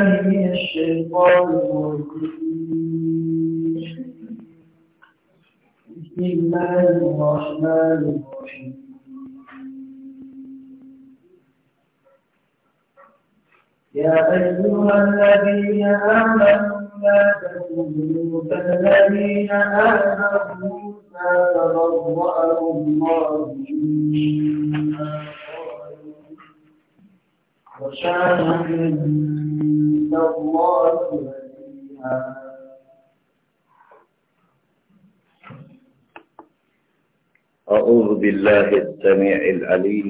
بالله من الشيطان الرجيم بسم الله الرحمن الرحيم يا أيها الذين آمنوا لا تكونوا كالذين آمنوا موسى فبرأه الله مما قالوا وكان من أعوذ بالله السميع العليم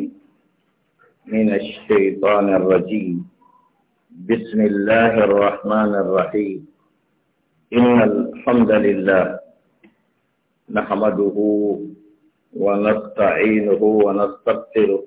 من الشيطان الرجيم بسم الله الرحمن الرحيم إن الحمد لله نحمده ونستعينه ونستغفره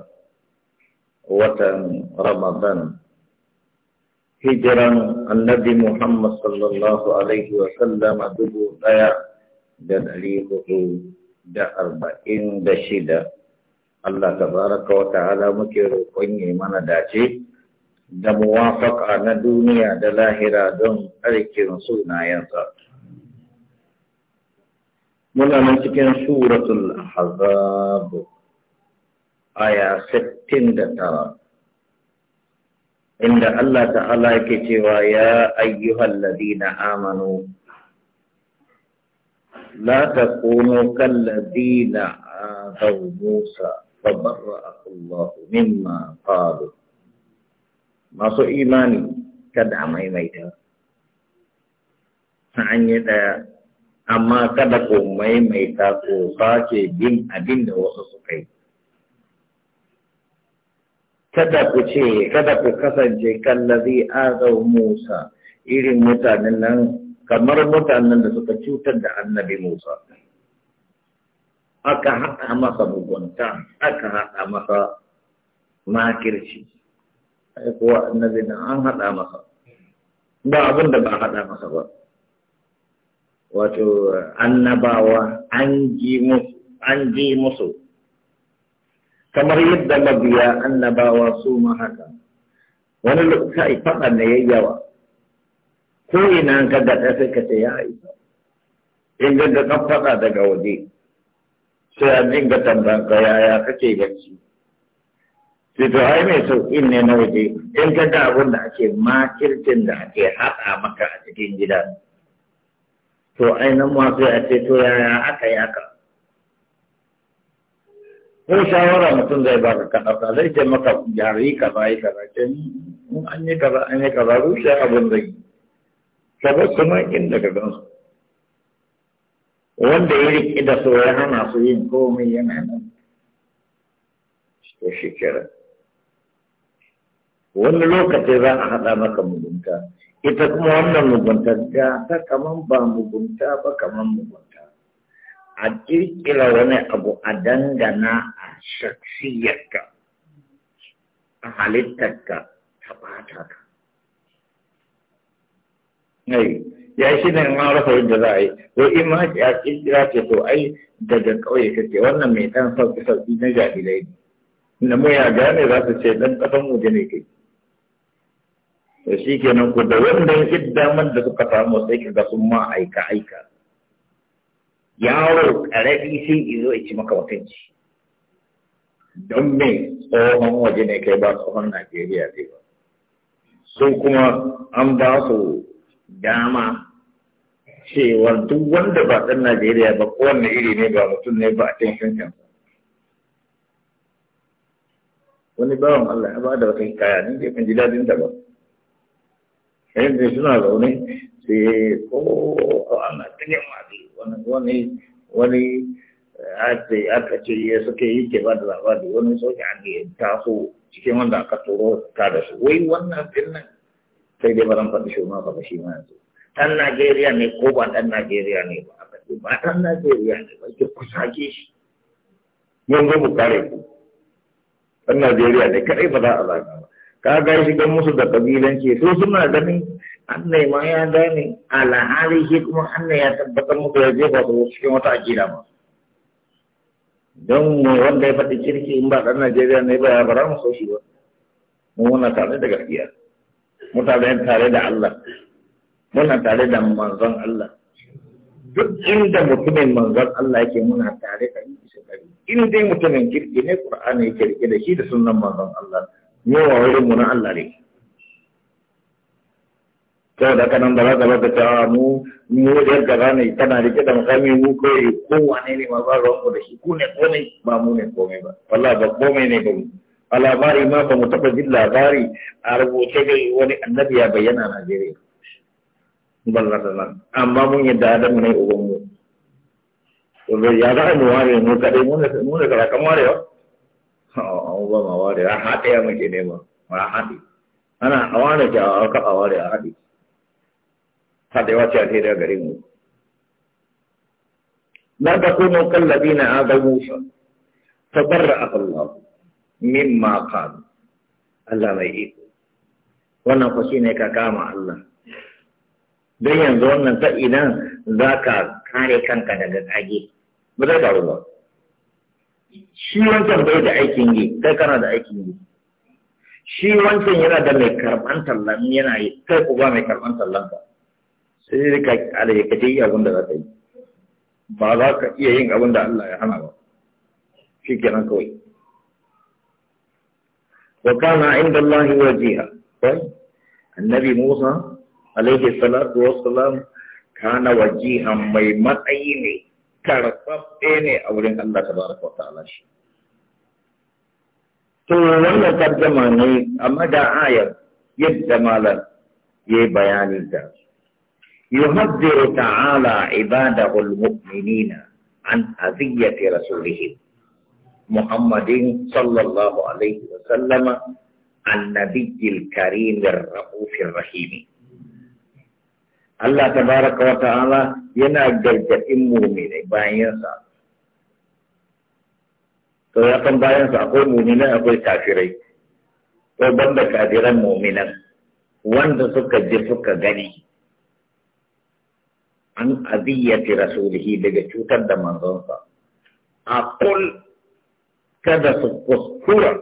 watan Ramadan. hijran annabi Muhammad sallallahu Alaihi wasallam a dubu ɗaya da ɗari hudu da arba'in da shida. Allah tabaraka wa ta'ala muke roƙon yi mana dace da muwafaka na duniya da lahira don aikin sunayensa. Muna nan cikin suratul Ahzab. aya sittin da tara inda Allah ta'ala yake cewa ya ayyuhal ladina amanu la takunu kal ladina adaw Musa fa Allah mimma qalu masu imani kada a maimaita ta hanyar ɗaya amma kada ku maimaita ko ke bin abin da wasu suka yi kada ku ce kada ku kasance kallazi azau Musa irin mutanen nan kamar mutanen da suka cutar da annabi Musa aka haɗa masa mugunta aka haɗa masa makirci ai kuwa annabi nan an haɗa masa ba abin da ba haɗa masa ba wato annabawa an ji musu kamar yadda mabiya annabawa su ma haka wani lokaci faɗa na yayyawa ko ina ka gaɗa sai ka ce ya isa in ga ga faɗa daga waje sai a dinga tambayan ka ya kake gaci sai to ai mai sauƙin ne na waje in ka ga abin da ake makircin da ake haɗa maka a cikin gida to ainihin masu a ce to yaya aka yi ko shawara mutum zai baka ka ɗauka zai ce maka yare kaza yi kaza ce an yi kaza an yi kaza rushe abin zai yi saboda su inda ka gansu wanda ya riƙe da so ya hana su yin komai yana nan to shi kira wani lokaci za a haɗa maka mugunta ita kuma wannan mugunta ta kaman ba mugunta ba kaman mugunta a ƙirƙira wani abu a dangana a shaksiyarka a halittarka ta ɓata ka ya shi ne ma rasa da za a yi ko in ma ya ƙirƙira ce to ai daga ƙauye kake wannan mai ɗan sauƙi sauƙi na jahilai ne na ya gane za su ce ɗan ƙasan mu ne kai to shi kenan ku da wannan damar da suka samu sai ka ga ma aika aika yaro ƙarfi sai izo ya ci maka mutunci don me tsohon waje ne kai ba tsohon najeriya zai ba su kuma an ba su dama cewar duk wanda ba ɗan najeriya ba kowanne iri ne ba mutum ne ba a cin shankan wani bawan allah ya ba da wata hikaya ne kan ji da ta ba yanzu suna zaune sai ko ana cikin mafi wani wani eh, aka ce ya suke yi ke ba da labari wani soja a ya taso cikin wanda aka turo ta da su wai wannan dinnan sai dai ba zan faɗi shi ma ba shi ma yanzu ɗan Najeriya ne ko ba ɗan Najeriya ne ba aka ce ba ɗan Najeriya ne ba ke kusa ke shi yanzu mu kare ku ɗan Najeriya ne kaɗai ba za a zaga ba ka ga shi gan musu da ƙabilanci su suna ganin Allah ma ya ni ala ali kuma Allah ya tabbatar muku ya jefa su cikin wata akida ma don mu wanda ya faɗi kirki in ba ɗan Najeriya ne ba ya bara mu ba mu muna tare da gaskiya mutane tare da Allah muna tare da manzon Allah duk inda mutumin manzon Allah yake muna tare da shi in dai mutumin kirki ne Qur'ani kirki da shi da sunnan manzon Allah ne wa wurin mu na Allah ne sau da kanan da za ta ta mu mu da gaba ne kana rike da makami mu ko wane ne ma ba ruwan ku da shi ku ne ko ne ba mu ne komai ba wallahi ba komai ne ba mu a labari ma ba mu taɓa jin labari a rubuce dai wani annabi ya bayyana a Najeriya ballar da nan amma mun yi da Adamu ne uban mu ya za mu ware mu kaɗai mu ne mu ne kara kan warewa an ba ma ware a haɗe ya muke nema ma haɗe ana a ware ki a ware a haɗe haɗewa ce alheri a gare mu Na la takunu na adaw Musa tabarra'a Allah min qala Allah mai iko wannan fa shine ka kama Allah don yanzu wannan ta idan za ka kare kanka daga kage ba zai faru ba shi wancan bai da aikin yi kai kana da aikin yi shi wancan yana da mai karɓan tallan yana yi kai ku ba mai karɓan tallan ka sai dai ka alhikace yi abin da za ka yi ba za ka iya yin abin da Allah ya hana ba shi kenan kawai wa kana inda Allah wajiha annabi Musa alaihi salatu wa wassalam kana wajihan mai matsayi ne karɓaɓɓe ne a wurin Allah tabaraka wa ta'ala shi to wannan tarjama ne a mada ayar yadda malam yayi bayanin ta يهدر تعالى عباده المؤمنين عن أذية رسولهم محمد صلى الله عليه وسلم النبي الكريم الرؤوف الرحيم الله تبارك وتعالى ينادي جلجة المؤمن باينسا to ya kan bayan sa اقول كافري akwai kafirai to banda kafiran mu'minan wanda suka an adiyyati rasulihi daga cutar da manzonsa a kul kada su kuskura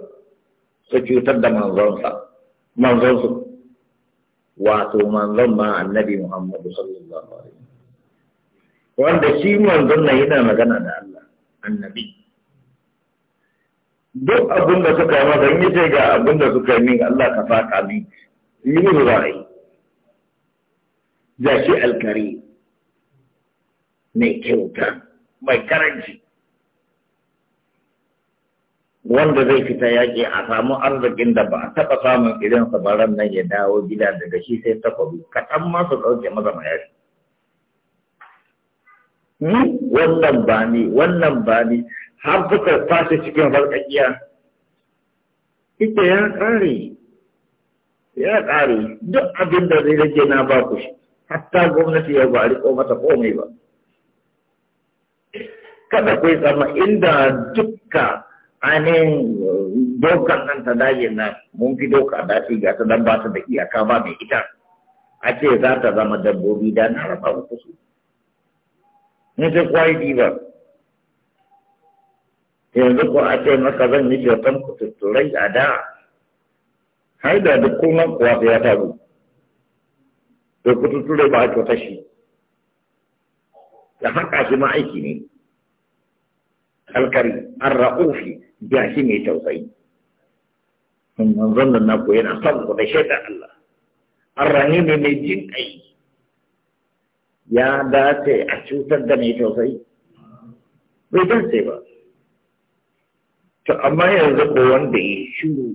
su cutar da manzonsa manzonsu wato manzon ma annabi muhammadu sallallahu alaihi wanda shi manzon nan yana magana da Allah annabi duk abin da suka yi masa in ce ga abin da suka yi min Allah ka fata min yi min ra'ayi da shi alkari mai kyauta mai karanci wanda zai fita yaƙi a samu arzikin da ba a taɓa samun ba ran nan ya dawo gida daga shi sai takwabi kaɗan ma su ɗauke maza Ni wannan ba ni wannan ba ni har suka fashe cikin farkakiya ita ya ƙare ya ƙare duk abin da zai rage na ba ku shi hatta gwamnati ya ba a riƙo mata komai ba kada ku sama inda dukka ainihin dokan nan ta dage na mun fi doka dace ga ta dan ba ta da iyaka ba mai ita a ce za ta zama dabbobi da na raba ku su ni sai kwai diba yanzu ko a ce maka zan yi kyautan kututturai a da har da duk kuma kuwa ya taru da kututturai ba a kyauta shi da haka shi ma aiki ne alkari arra'ufi ya shi mai tausayi manzon nan koyi yana son ku da shaida Allah arrahimi mai jin kai ya dace a cutar da mai tausayi bai dace ba to amma yanzu ko wanda ya shiru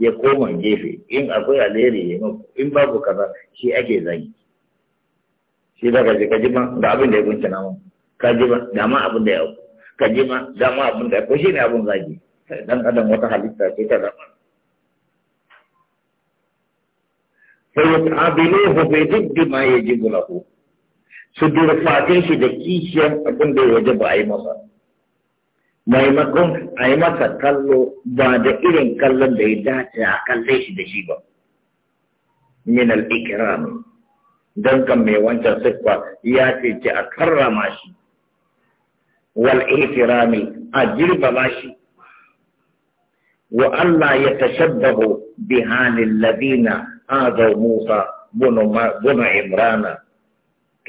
ya koma gefe in akwai alheri ya maku in babu kaza shi ake zagi shi daga kaji kaji ma da abin da ya gunce na mu kaji ba, da ma abin da ya auku kaji ma dama abin da ko shi ne abin zagi dan kadan wata halitta ce ta dama sai ya ta'abiluhu bi diddi ma yajibu lahu su fatin shi da kishiyan abun da ya ba a yi masa maimakon a yi masa kallo ba da irin kallon da ya dace a kalle shi da shi ba min al-ikram dan kan mai wancan siffa ya ce ki a karrama shi wal ihtirami a girba shi wa Allah ya tashabbahu bi halin ladina azaw Musa bunu Imrana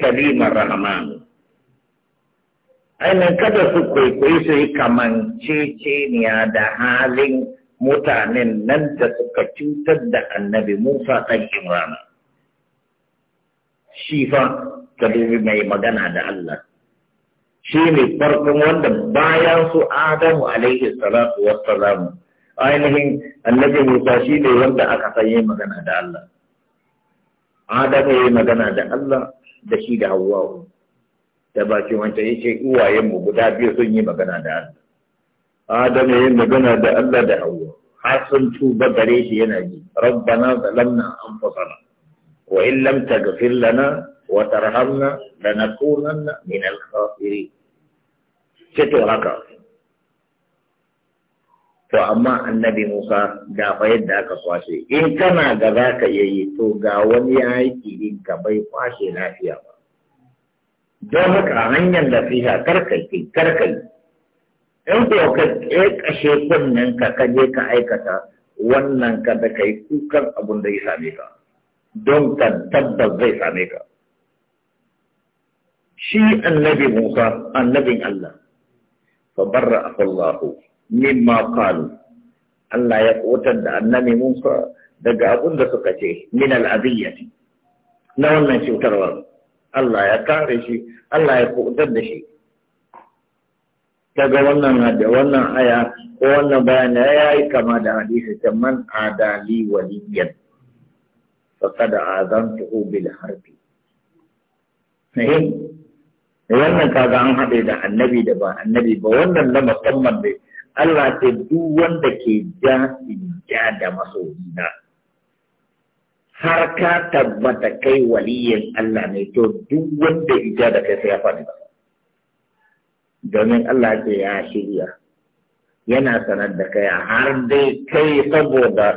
kalimar Rahman ainihin kada su kwaikwayi su yi kamanceceniya da halin mutanen nan da suka cutar da annabi Musa ɗan Imrana. Shi fa, kalimi mai magana da Allah. shi ne farkon wanda bayan su Adamu alaihi salatu wassalamu ainihin annabi Musa shi ne wanda aka san sanye magana da Allah Adamu ya yi magana da Allah da shi da Hawwa da baki wancan ya ce uwayenmu guda biyu sun yi magana da Allah Adamu ya yi magana da Allah da Hawwa har sun tuba gare shi yana ji rabbana zalamna anfusana wa in lam taghfir lana wa tarhamna lanakunanna min al ce to haka to amma annabi Musa da fa yadda aka kwashe in kana ga za ka iya yi to ga wani aiki in ka bai kwashe lafiya ba don haka hanyar ha karkai karkai in ko ka kashe kunnen ka ka je ka aikata wannan ka da kai kukan abun da ya same ka don ka tabbas zai same ka shi annabi Musa annabin Allah فبرأه الله مما قالوا Allah ya kotar da annabi Musa daga abun da suka ce min al'adiyyati na wannan cutarwar Allah ya kare shi Allah ya kotar da shi daga wannan da wannan aya ko wannan bayani ya yi kama da hadisi ta man adali fa kada azantuhu bil harbi wannan kaga an haɗe da annabi da ba annabi ba wannan na musamman ne Allah ce duk wanda ke ja ja da masoyina har ka tabbata kai waliyin Allah ne to duk wanda ija da kai sai ya faɗi ba domin Allah ce ya shirya yana sanar da kai har dai kai saboda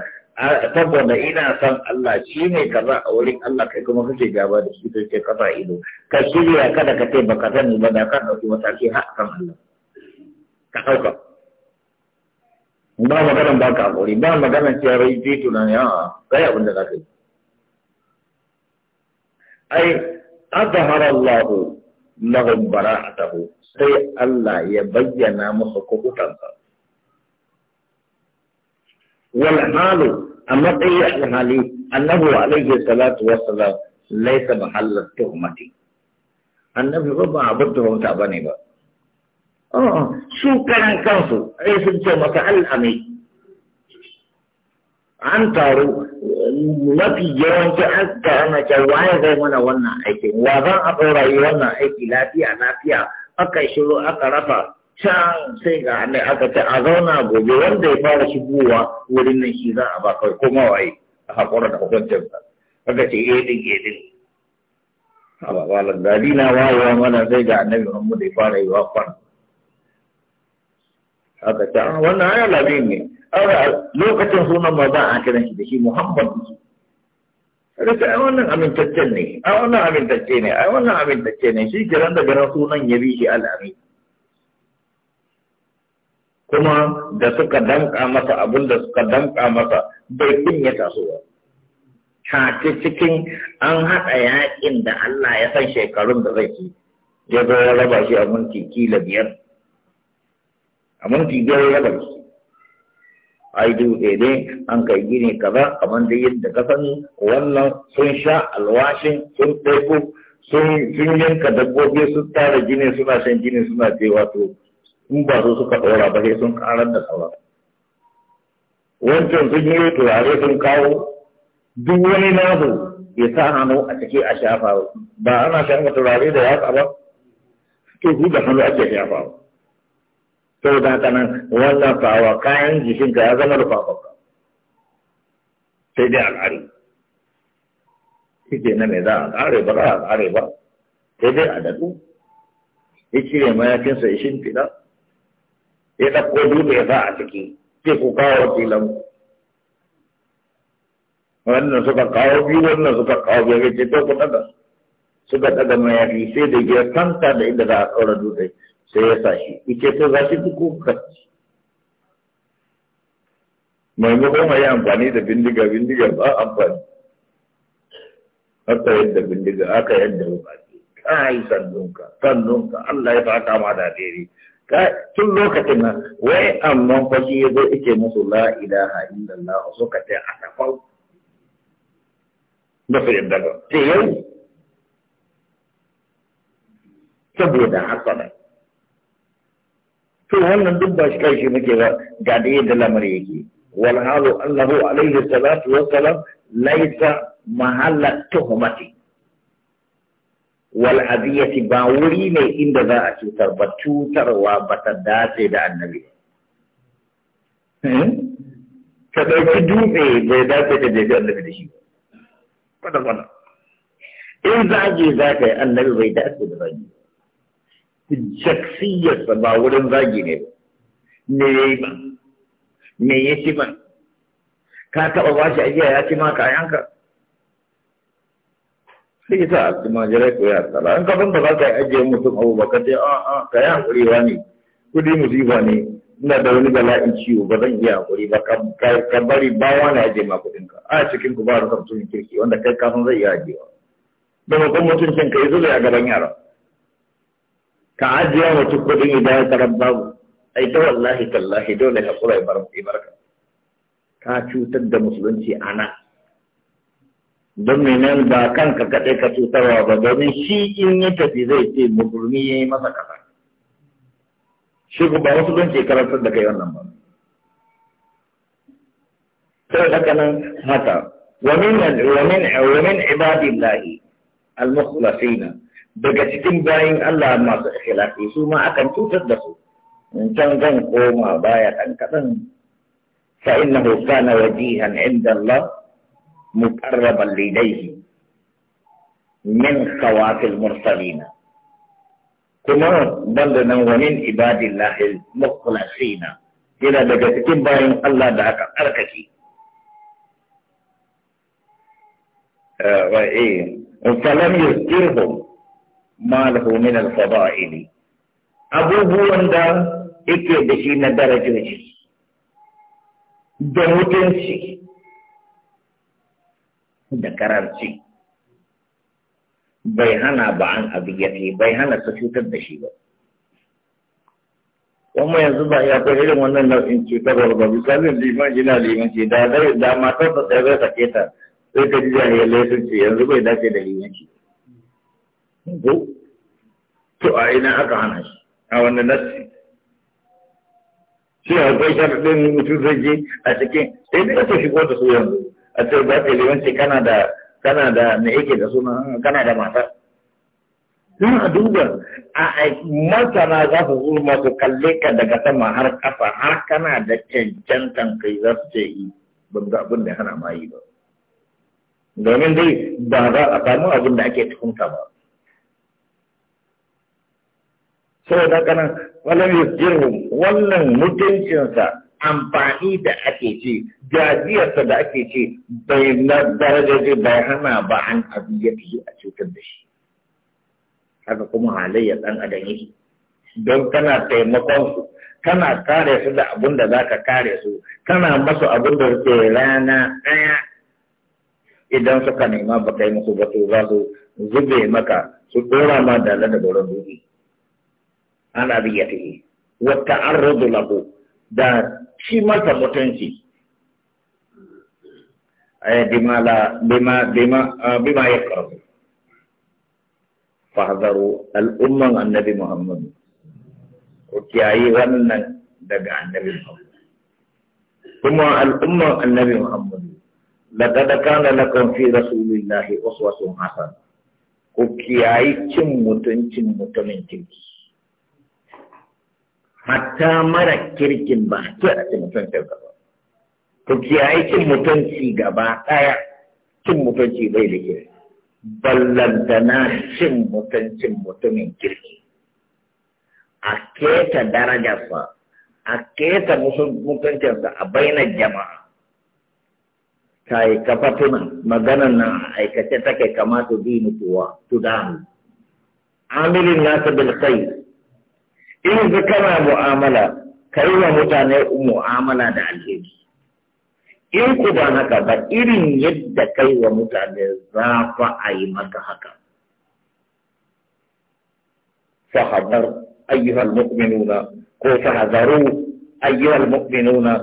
saboda ina son Allah shi ne kaza a wurin Allah kai kuma kake gaba da shi kai ka kafa ido ka shirya kada ka tai baka sani ba da ka dauki mataki har kan Allah ka dauka ba magana ba ka hakuri ba maganan cewa rai ji tunan ya ah, kai abin da zaka yi ai adhara Allah lahum bara'atahu sai Allah ya bayyana musu kubutansa wal halu a matsayi alhali annabi alaihi salatu wassalam laisa mahallar tuhmati annabi ba ba abin tuhumta ba ne oh, ba su karan kansu ai sun ce an taru mafi yawanci an taru na ce waye zai mana wannan aikin wa zan a ɗora yi wannan aiki lafiya lafiya aka shiru aka rafa ta sai ga ne aka ce a zauna gobe wanda ya fara shigowa wurin nan shi za a ba kai ko mawaye a haƙura da hukuncin sa aka ce eh din eh din a wala dadi na wayewa mana sai ga annabi da ya fara yi wa kwan aka ce ah, wannan ayar labin ne lokacin sunan ma za a kiran shi da shi Muhammad rika ai wannan amintaccen ne ai wannan amintacce ne ai wannan amintacce ne shi kiran da garan sunan ya bi shi al'amin kuma da suka danka masa abin da suka danka masa bai ya taso ba ta cikin an haɗa yaƙin da Allah ya san shekarun da zai ci ya zo ya raba shi a minti kila biyar a minti biyar ya raba shi ai dutse dai, an kai gini kaza kamar da yadda ka sani wannan sun sha alwashin sun ɗaiko sun yanka dabbobi sun tara jini suna shan jini suna cewa to in ba su suka ɗora ba sai sun ƙarar da sauran wancan sun yi turare sun kawo duk wani nasu ya sa hannu a cike a shafa ba ana shafa turare da yatsa ba to ku da hannu ake shafa ba sau da haka nan wannan fawa kayan jikinka ya zama rufa ba. sai dai al'ari shi na mai za a ƙare ba za a ƙare ba sai dai a daɗu ya cire mayakinsa ya shimfiɗa ya ɗauko dutse ya sa a ciki sai ku kawo wakilan wannan suka kawo biyu wannan suka kawo biyu ya ce to ku suka daga mayafi sai da ya kanta da inda za a kawo dutse sai ya sa shi ike to za shi duk mai mai a yi amfani da bindiga bindiga ba amfani haka yadda bindiga haka yadda wuka ce kai sannunka sannunka Allah ya fata ma da daidai tun lokacin nan wai amma fa shi ya zo ike musu la ilaha illallah suka ce a safau da su yadda ga ce yau saboda haka ne to wannan duk ba shi kai shi muke ba ga da yadda lamar yake wal halu annahu alaihi salatu wassalam laisa mahalla tuhmati wal'aziyati ba wuri ne inda za a cutar ba cutarwa ba ta dace da annabi eh? ka ɗauki dutse bai dace da jefi annabi da shi kwata-kwata in zage za ka yi annabi bai dace da ba jaksiyarsa ba wurin zage ne ba me ya yi ba me ya ci ba ka taɓa ba shi ajiya ya ci ma yanka? sai sa almajirai ya tsala ba za ka yi ajiye mutum abu ba ka ce a ah, a ah, ka yi haƙuriwa ne kudi da wani bala'in ciwo ba zan iya haƙuri ba ka bari bawa na ajiye ma ka a cikin ku ba da mutumin kirki wanda kai kafin zai iya ajiyewa da mutum mutuncin ka yi zuwa a gaban yara ka ajiye mutum kuɗin idan ya tarar babu ai ta wallahi tallahi dole haƙura ya bar ka ka cutar da musulunci a nan don menen ba kanka kaɗai ka cutarwa ba domin shi in ya tafi zai ce mugurmi ya yi masa kasa shi ku ba wasu don ce karantar da kai wannan ba sai haka nan haka wani ومن ibadillahi al الله daga cikin bayin Allah masu ikhlasi su ma akan cutar da su in can zan koma baya ɗan kaɗan fa innahu kana wajihan inda Allah مقربا لديه من خواف المرسلين كما بلنا ومن عباد الله المخلصين إلى دقة باين الله دعك أركك فلم يذكرهم ما له من الفضائل abubuwan da yake da shi na darajoji da mutunci da karanci. bai hana ba an abu ya fi bai hana su cutar da shi ba kuma yanzu ba ya kai irin wannan nau'in cutar ba misalin liman yana liman ce da zai da matar da tsaye zai sake ta sai ka ji jahilai laifin ce yanzu bai dace da liman ce to a ina aka hana shi a wannan nasi shi akwai sharaɗin mutum zai je a cikin sai ne ka shigo da su yanzu a ce ba ka limanci kana da kana da me yake da suna kana da mata za a duba a masana za su zo masu kalle ka daga sama har kafa har kana da cancantan kai za su ce yi eh, ban ga abin da hana ma ba domin dai ba za a samu abin da ake tukunta ba saboda kanan walam jirgin, wannan mutuncinsa amfani da ake ce gajiyarsa da ake ce bai na darajaje bai hana ba an abu ya fi a cutar da shi haka kuma halayyar ɗan adam yake don kana taimakon su kana kare su da abun da zaka kare su kana masu abun da suke rana ɗaya idan suka nema ba kai musu ba to za su zube maka su dora ma da da boron ana biya ta yi wata an rudu lahu da shi mata mutunci eh, bima bima ah, bima ya karbu fahzaru al'umman annabi muhammadu ku kiyayi wannan daga annabi muhammadu kuma al'umman annabi muhammadu لقد kana لكم في رسول wasu wasu hasan ku kiyayi cin mutuncin mutumin kirki hatta mara kirkin ba a ce a cin mutunci gaba ku kiyaye cin mutunci gaba ɗaya cin mutunci bai da kirki ballantana cin mutuncin mutumin kirki a keta darajarsa a keta mutuncinsa a bainar jama'a ta yi kafatuna maganan na aikace take kamata dinu tuwa tudanu amirin nasa bil khair in kana mu'amala ka yi wa mutane mu'amala da alheri in ku ba haka ba irin yadda kai wa mutane za fa a yi maka haka fahadar ayyuhal mu'minuna ko fahadaru ayyuhal mu'minuna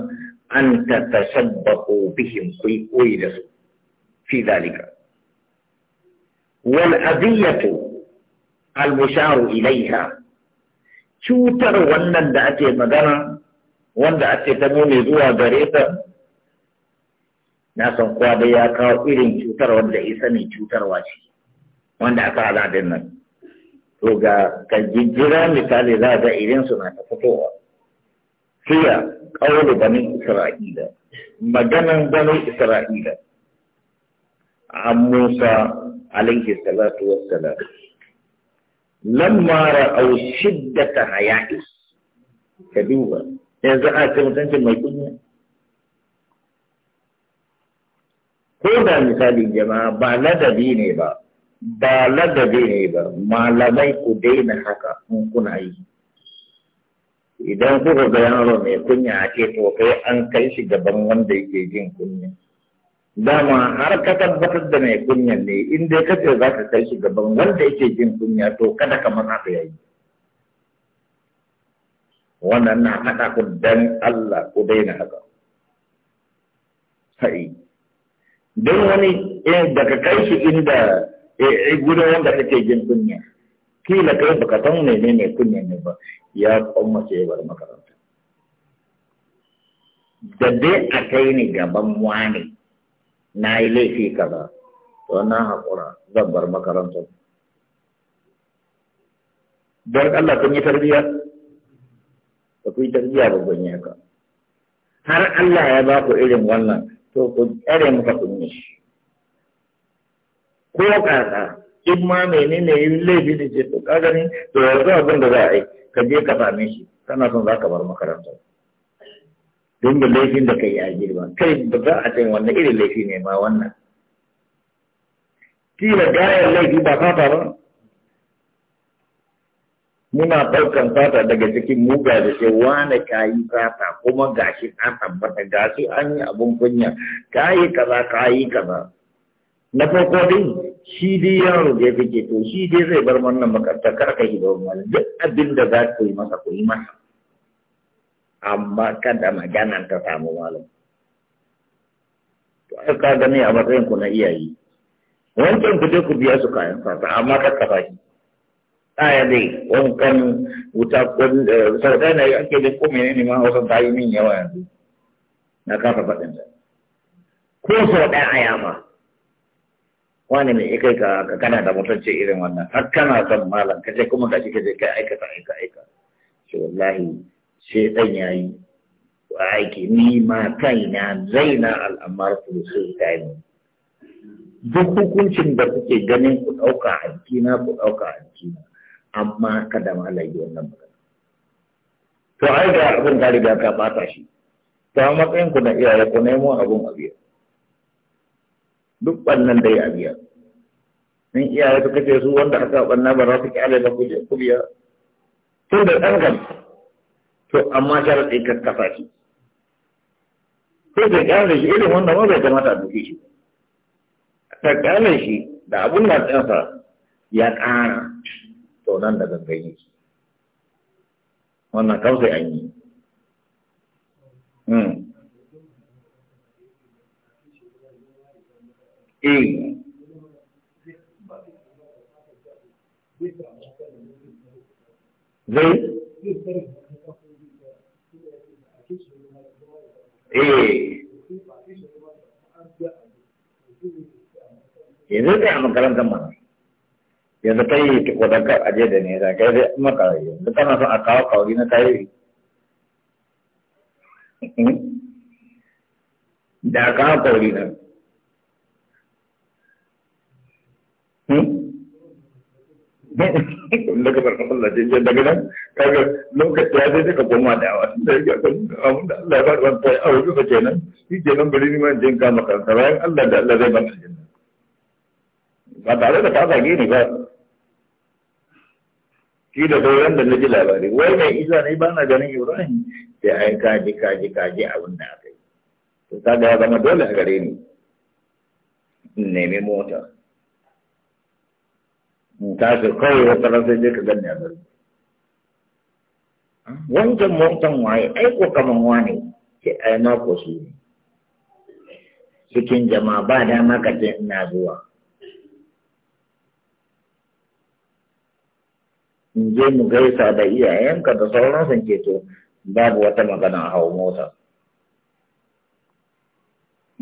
an tatashabbahu bihim ku yi koyi da su fi dalika wal adiyatu al musharu ilaiha cutar wannan da ake magana wanda ake ta nune zuwa gare ta na san kowa da ya kawo irin cutar wanda isa ne cutarwa ce wanda aka haladin nan to ga kajijjira misali za ga irin suna ta fitowa hiya ƙaunar banin isra'ila maganan banin isra'ila an musa alaihi salatu wassalam lamma ra'au shiddata haya'i ka duba yanzu a ce mai kunya ko da misali jama'a ba ladabi ne ba ba ladabi ne ba malamai ku daina haka in kuna yi idan kuka ga yaro mai kunya a ce to kai an kai shi gaban wanda yake jin kunya dama har ka tabbatar da mai kunyan ne in dai ka ce za ka kai shi gaban wanda yake jin kunya to kada ka mana ka yayi wannan na haɗa ku dan Allah ku daina haka sai don wani eh daga kai shi inda eh, eh gudu wanda kake jin kunya kila kai baka san menene kunya ne ba ya kuma ya bar makaranta da dai a kai ni gaban wani na yi laifi kaza to na hakura zan bar makarantar don Allah kun yi tarbiyya ba ku yi tarbiyya ba kun yi haka har Allah ya ba ku irin wannan to ku tsare muka kun yi shi ko kaka in ma menene yin laifi da ce to ka gani to yanzu abin da za a yi ka je ka same shi kana son za ka bar makarantar don da laifin da kai ya girma kai ba za a ce wannan irin laifi ne ma wannan kila gayar laifi ba fata ba muna ɗaukan fata daga cikin muga da ce wane ka yi fata kuma shi an tabbata gashi an yi abun kunya ka yi kaza ka yi kaza na farko dai shi dai yaro da ya to shi dai zai bar wannan makarantar kar ka yi ba duk abin da za ku yi masa ku yi masa amma kada maganan ta samu malam to ai ka gani a matsayin ku na iyaye wancan ku je ku biya su kayan fata amma ka kafa shi aya dai wankan wuta kun sarkai na ake da ko menene ma hausa ta yi min yawa yanzu na kafa faɗin sa ko sau ɗaya a yafa wani ne kai ka kana da mutunci irin wannan har kana son malam kaje kuma ka kaje kai aikata aika aika shi wallahi ɗan ya yi wa aiki ni ma kaina zaina al'amar ku sai ta yi duk hukuncin da kuke ganin ku ɗauka a jikina ku ɗauka a jikina amma kada ma lagi wannan magana to ai ga abin da riga ka bata shi ta matsayin ku na iyaye ku nemo abin a biya duk wannan dai a biya in iyaye suka ce su wanda aka banna ba za su kyale ba ku biya tun da ɗan gaba to amma da ka kafa shi sai da gane shi irin wanda ma bai kamata a duke shi ta gane shi da abun na tsansa ya ƙara to nan da gangan shi wannan kawai an yi hmm. Eh. Zai? eh yanzu da a yanzu kai ta da ne da kai maka yanzu kana son a kawo na da kawo na daga farkon Allah ce daga nan kaga lokaci ya sai ka koma da awa da yake akan abin da Allah ya faɗa ban ta aure ka kenan shi ke nan bari ni ma jin kama kansa bayan Allah da Allah zai ban aljanna ba tare da ka zage ni ba shi da sauran da na labari wai mai isa ne ba na ganin ibrahim sai ai kaji kaji kaji abin da aka yi to kaga ya zama dole a gare ni in nemi mota tashi kawai wata rasa sai dai ka gani a zai wancan motan waye aiko kaman wane ke Aina ko su ne cikin jama'a ba da ina zuwa in je mu gaisa da iyayenka da sauran ke to babu wata magana hau mota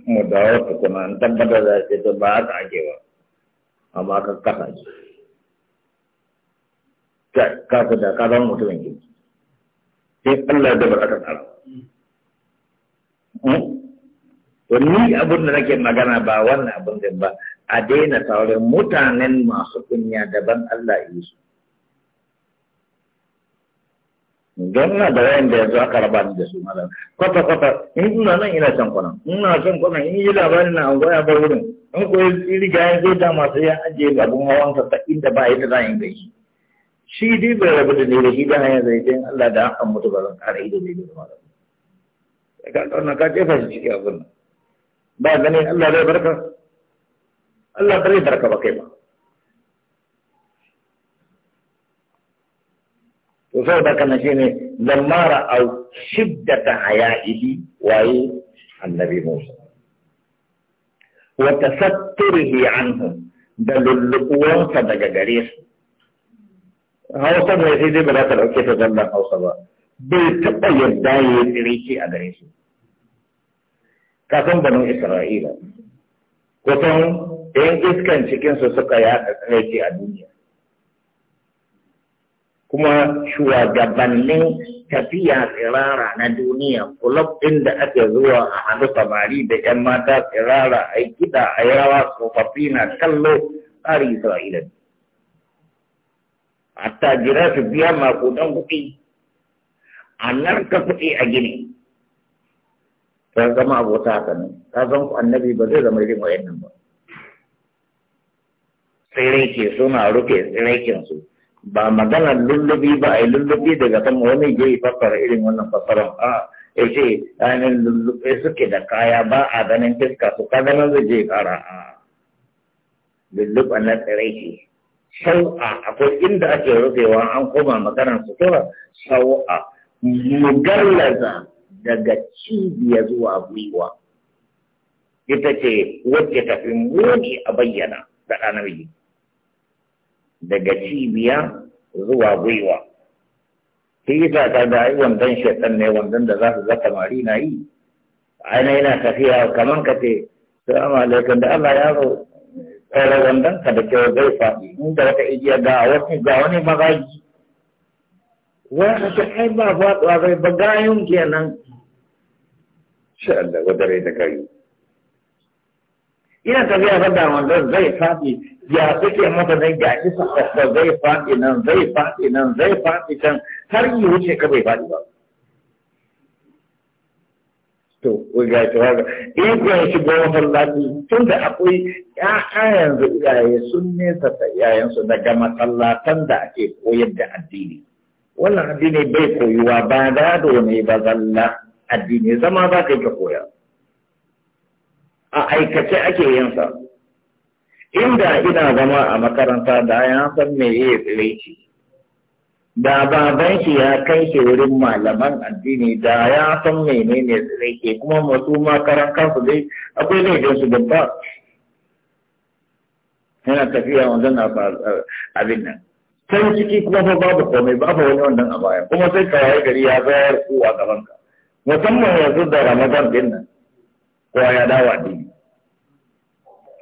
mu dawo wata kuma tabbatar da ce to ba haka ake ba amma ka kasa ce ka da ka zama mutumin kirki sai Allah da bar aka tsara hmm? to ni abin da nake magana ba wannan abin din ba a daina saurin mutanen masu kunya daban Allah yi su don na da wayan da yanzu aka raba ni da su malam kwata kwata in ina nan ina can kwanan ina can kwanan in yi labarin na an goya bar wurin in koyi riga ya zo da sai ya ajiye abin hawan sa ta inda ba yadda za a yi gaishe شيدي بيربط ليه هذا هي زيته الله دا أمم تبعهم كاره يدو ليه الله ده بركة الله بري بركة بكيما وصل بركة نجيني نمارة أو شدة حياته النبي موسى عنه دل اللقوان فدق hausa da sai dai ba za ta ɗauke ta zallan hausa ba bai taɓa yadda ya yi shi a gare su kasan banin isra'ila kusan yan iskan cikinsu suka yaɗa shi a duniya kuma shugabannin tafiya tsirara na duniya kulob ɗin da ake zuwa a hannu samari da 'yan mata tsirara a kiɗa a yawa tsofaffi na kallo tsari isra'ila ne jira su biya makudan kuɗi a nan ka kuɗi a gini ta zama abota haka nan ta zan ku annabi ba zai zama irin nan ba tsiraice suna rufe su. ba magana lullubi ba a yi lullubi daga sama wani je fassara irin wannan fassaran a ya ce ainihin lullubi suke da kaya ba a ganin fiska su ka zama zai je kara a lullub na tsiraice sau'a akwai inda ake rufewa an koma maganar sutura sau'a mugallaza daga cibiya zuwa gwiwa ita ce wacce tafi muni a bayyana da daga cibiya zuwa gwiwa ta ta da ai wandan shetan ne wandan da za su ga kamari na yi ainihin na tafiya kamar ka ce salamu alaikum da Allah ya zo ɗaura wandon ka da kyau zai faɗi in da wata igiya ga wani ga wani magaji wani ta ai ba faɗuwa zai ba gayun kenan shi Allah dare da gayu ina tafiya fada wanda zai faɗi ya suke mata nan ya ci sa zai faɗi nan zai faɗi nan zai faɗi can har yi wuce ka bai faɗi ba to ga ta haka shi ga tun da akwai ya'ya yanzu iyaye sun nesa ta daga masallatan da ake koyar da addini wannan addini bai koyuwa ba gado ne ba zalla addini zama ba kai yi ka koya a aikace ake yin sa inda ina zama a makaranta da ya san me ya tsire da baban shi ya kai shi wurin malaman addini da ya san menene zai ke kuma masu makaran kansu dai akwai jinsu da babba yana tafiya wanzan abin nan sai ciki kuma fa babu komai babu wani wannan a baya kuma sai kawai gari ya zayar ku a gaban ka musamman yanzu da ramadan din nan ko ya dawo addini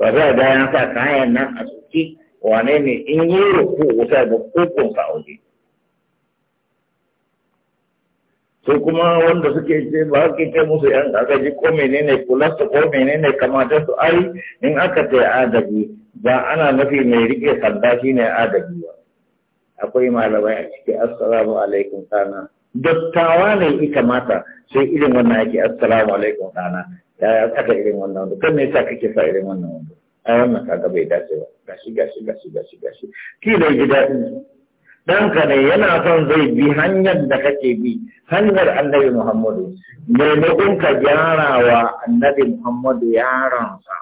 ba zai da ya sa kayan nan a ciki, wane ne in yi rufu wuta ba kokon sa'o'i waje sai kuma wanda suke ce ba haka ce musu yan aka ji ko menene kulasta ko menene kamata su ai in aka ta adabi ba ana nufi mai rike sanda shine adabi ba akwai malamai a ciki assalamu alaikum sana dattawa ne ita kamata sai irin wannan yake assalamu alaikum sana da ya aka irin wannan wanda kan ne sa kake sa irin wannan wanda ai wannan kaga bai dace ba gashi gashi gashi gashi gashi ki dai ji daɗin ɗanka ne yana son zai bi hanyar da kake bi hanyar annabi muhammadu maimakon ka wa annabi muhammadu yaransa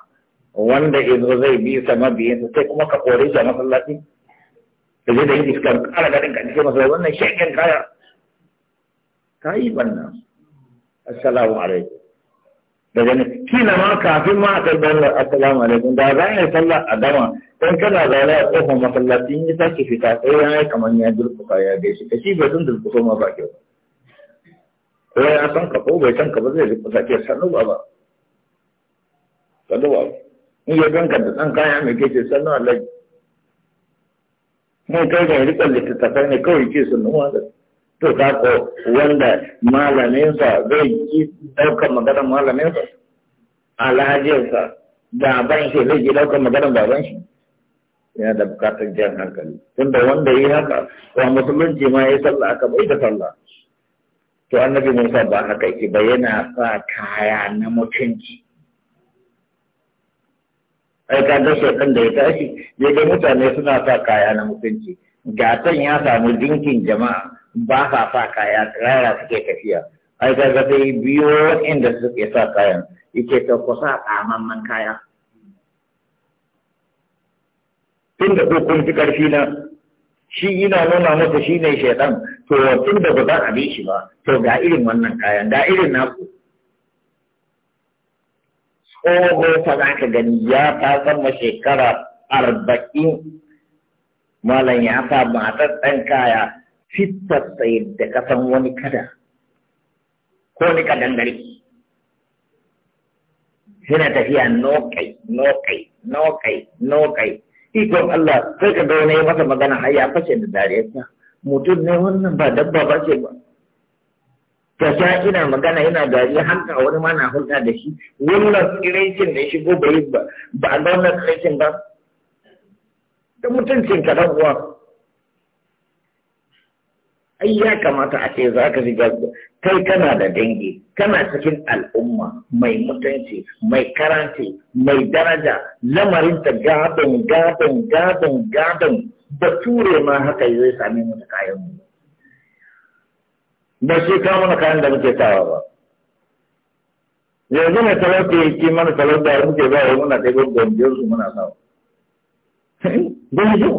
wanda izo zai bi sa mabiyin sai kuma ka kore shi a masallaci Kaje da yin iskar kara ganin ka cikin masallaci wannan shekin kaya ka yi banna. assalamu alaikum daga ne Kina ma kafin ma a karɓar assalamu alaikum da za a yi sallah a dama sai kana zaune a kofar masallaci in ta ke fita sai ya kamar ya durkuka ya gaishe ka shi bai zan durkuso ma ba kyau ko ya san ka ko bai san ka ba zai kusa ke sannu ba ba sannu ba in ya ganka da ɗan kaya mai ke ce sannu alaji mun kai ga rikon littattafai ne kawai ke sannu wanda to ka ko wanda malaminsa zai yi ɗaukar maganar malaminsa alhajinsa ban shi zai yi ɗaukar maganar baban shi yana da bukatar jan hankali tunda wanda yi haka wa musulunci ma ya sallah aka bai da sallah to annabi Musa ba haka yake ba yana sa kaya na mutunci ai ka ga shekan da ya tashi ya ga mutane suna sa kaya na mutunci gatan ya samu dinkin jama'a ba sa sa kaya rara suke tafiya ai ka ga sai biyo inda suke sa kayan yake ta kusa tsamamman kaya tun da kun fi ƙarfi na shi ina nuna masa shi ne shaidan to tun da ba za a bi shi ba to ga irin wannan kayan ga irin naku tsoho ta za ka gani ya ta sama shekara arba'in malam ya sa matar ɗan kaya fitar tsaye da kasan wani kada ko ni ka dangare suna tafiya nokai nokai nokai nokai ikon Allah sai ka ga wani masa magana har ya fashe da dariyarsa mutum ne wannan ba dabba ba ce ba ta sha ina magana ina dariya haka wani ma na hulɗa da shi wannan tsiraicin da shigo bai ba ba a ga wannan ba da mutuncin ka dan uwa ai ya kamata a ce za ka shiga kai kana da dangi kana cikin al'umma mai mutunci mai karanci mai daraja lamarin ta gadon gadon gadon gadon bature ma haka zai sami mu kayan mu ba shi ka mana kayan da muke tawa ba yanzu mai talauta ya ke mana talauta ya muke ba wa muna ɗaya gwanjiyar su muna sawa don yi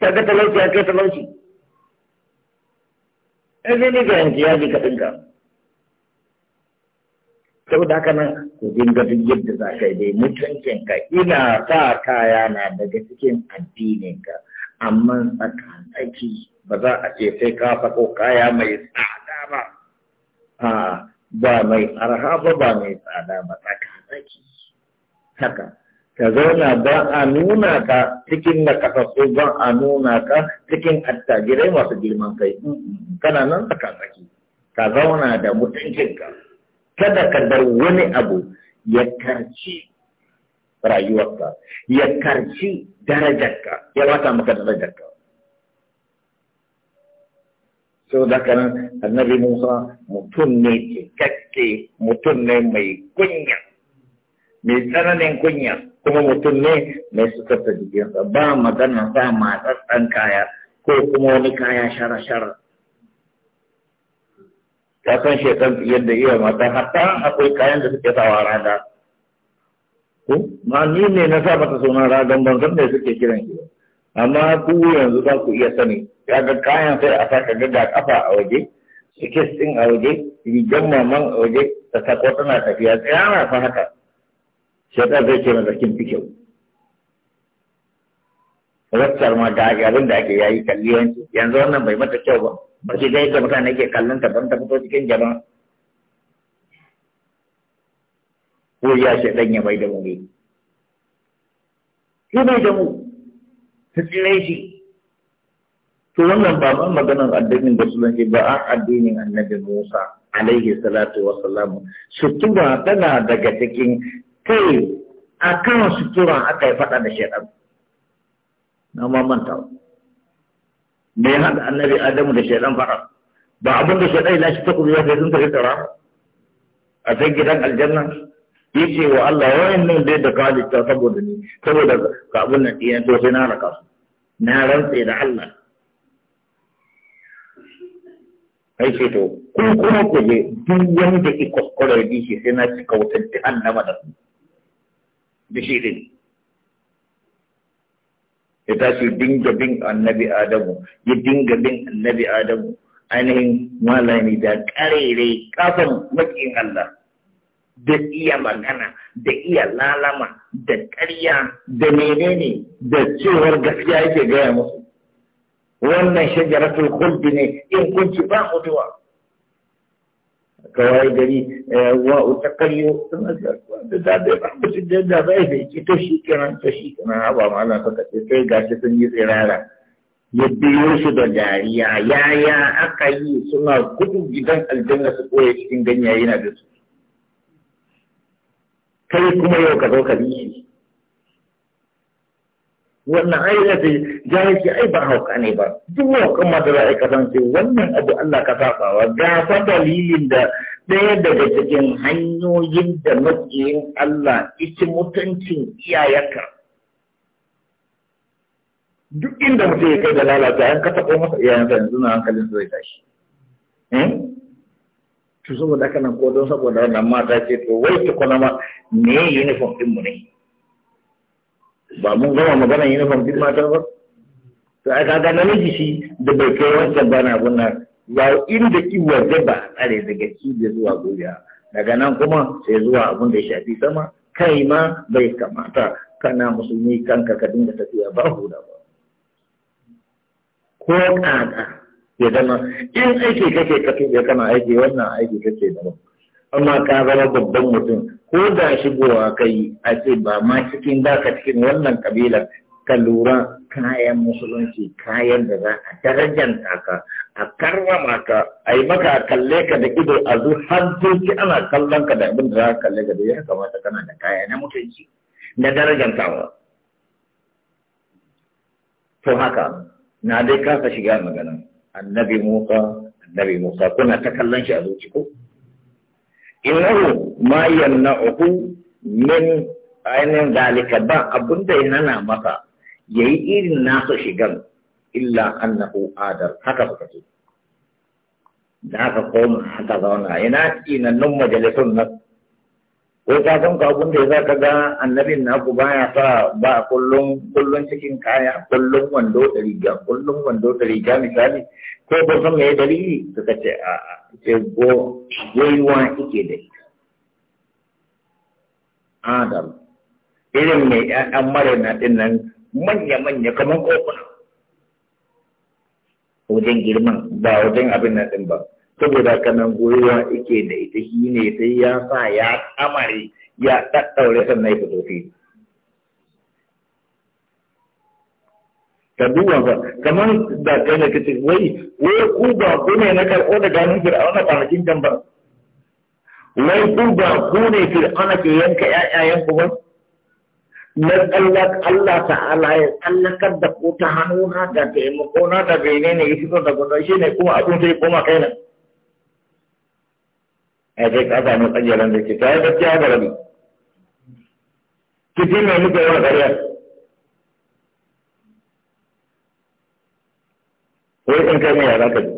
ta ga talauta ya kai talauci in ne ga yanzu ya ji ka dinka saboda haka nan ku dinga duk yadda za ka yi dai mutuncinka ina sa kaya na daga cikin addininka amma tsakatsaki ba za a ce sai ka sako kaya mai tsada ba ba mai arha ba ba mai tsada ba tsaka-tsaki haka ka zauna ban a nuna ka cikin na kasassu a nuna ka cikin attajirai masu girman kai kana nan tsakatsaki ka zauna da mutuncinka kada ka da wani abu ya karci rayuwarka ya karci darajarka ya bata maka darajarka sau da kanan annabi musa mutum ne cikakke mutum ne mai kunya mai tsananin kunya kuma mutum ne mai sukarta jikinsa ba magana sa matsatsan kaya ko kuma wani kaya shara-shara ya san shekan yadda iya mata hatta akwai kayan da suke sawa rada ko ma ni ne na sa mata suna ragan ban san me suke kiran shi ba amma ku yanzu za ku iya sani ya ga kayan sai a saka ga kafa a waje sikis ɗin a waje rigar maman a waje ta sako tana tafiya tsayana fa haka shaitan zai ce masa kin fi kyau rattar ma da abin da ake yayi kalli yanzu yanzu wannan bai mata kyau ba ba shi dai da mutane ke kallon ta ban ta fito cikin jama'a ko ya ce dan ya bai da mu ne shi bai da mu ta tsire shi to wannan ba ma maganar addinin da musulunci ba addinin annabi Musa alaihi salatu wassalam tuba tana daga cikin kai a kan suturan aka yi faɗa da shaidan na mamanta me ya haɗa annabi adamu da shaidan faɗa ba abin da shaidan ila shi ta kuma yadda sun tafi tsara a can gidan aljanna ya ce wa Allah wayan nan zai da kawo ta saboda ni saboda ka abin nan ɗiyan to sai na raka su na rantse da Allah ai ce to kun kuma ku je duk wanda iko kwarar dishi sai na cika wutar jihannama da su bishirin ya tashi dinga bin annabi adamu ya dinga bin annabi adamu ainihin malami da karerai kafin makin Allah da iya magana da iya lalama da ƙarya da menene da cewar gaskiya yake gaya musu wannan shajaratul khuldi ne in kun ba mutuwa kawai gari eh, wa ta karyo suna da da ba mutu da da bai bai ki to shi kenan to shi kenan ma ala ka ce sai gashi sun yi tsirara ya biyo shi da dariya ya-ya aka yi suna gudu gidan aljanna su koya cikin ganyaye na da su kai kuma yau ka zo ka bi shi wannan ai ya ce jahilci ai ba hauka ne ba duk haukan ma da za a ce wannan abu Allah ka safawa ga fa dalilin da ɗaya daga cikin hanyoyin da maƙiyin Allah ita mutuncin iyayenka duk inda mutum ya kai da lalata an ka taɓa masa iyayensa yanzu na hankalin zai tashi eh? to saboda haka nan ko don saboda wannan mata ce to wai tukuna ma me uniform ɗinmu ne ba mun gama maganar uniform din mata ba to a kaga miji shi da bai kai wancan bana na ya inda ki waje ba tsare daga cibiyar zuwa goya daga nan kuma sai zuwa abin da ya shafi sama kai ma bai kamata kana musulmi kanka ka dinga tafiya ba huda ba ko kaka ya zama in aiki kake ka tuɓe kana aiki wannan aiki kake ba. amma ka zama babban mutum ko da shigowa kai a ce ba ma cikin ka cikin wannan kabilar ka lura kayan musulunci kayan da za a darajanta ka a karrama ka a yi maka kalle ka da ido a zu har zuci ana kallon ka da abin da za a kalle ka da ya kamata kana da kaya na mutunci na darajantawa to haka na dai kasa shiga magana annabi musa annabi musa kuna ta kallon shi a zuci ko innahu na yamna'uhu min ainihin zalika ba abin da ya nana masa ya yi irin nasa shigan illa annahu adar haka suka ce da aka koma haka zauna ina tsinannun majalisun nan wai ka san ka abin da ya za ka ga annabin naku baya sa ba kullum kullum cikin kaya kullum wando da riga kullum wando da riga misali ko ba san me dalili suka ce a ce go yayuwa ike da ita adam irin mai ƴaƴan marina din nan manya manya kamar kofuna wajen girman ba wajen abin nan din ba saboda kanan goyewa ike da ita shi ne sai ya sa ya kamare ya ɗaɗɗaure sannan ya fito fili ka duba ba kamar da kai da kace wai wai ku ba ku ne na karɓo da ganin fir'auna kwanakin can ba wai ku ba ku ne fir'auna ke yanka ƴaƴayen ku ba na tsallak Allah ta'ala ya tsallakar da ku ta hannu na da taimako na da bene ne ya fito da gudu shi ne kuma abin sai koma kai nan a kai ka samu da ke ta yi gaskiya ga rabi kiti mai muke yi wa ƙarya wai in kai mai yara ka ji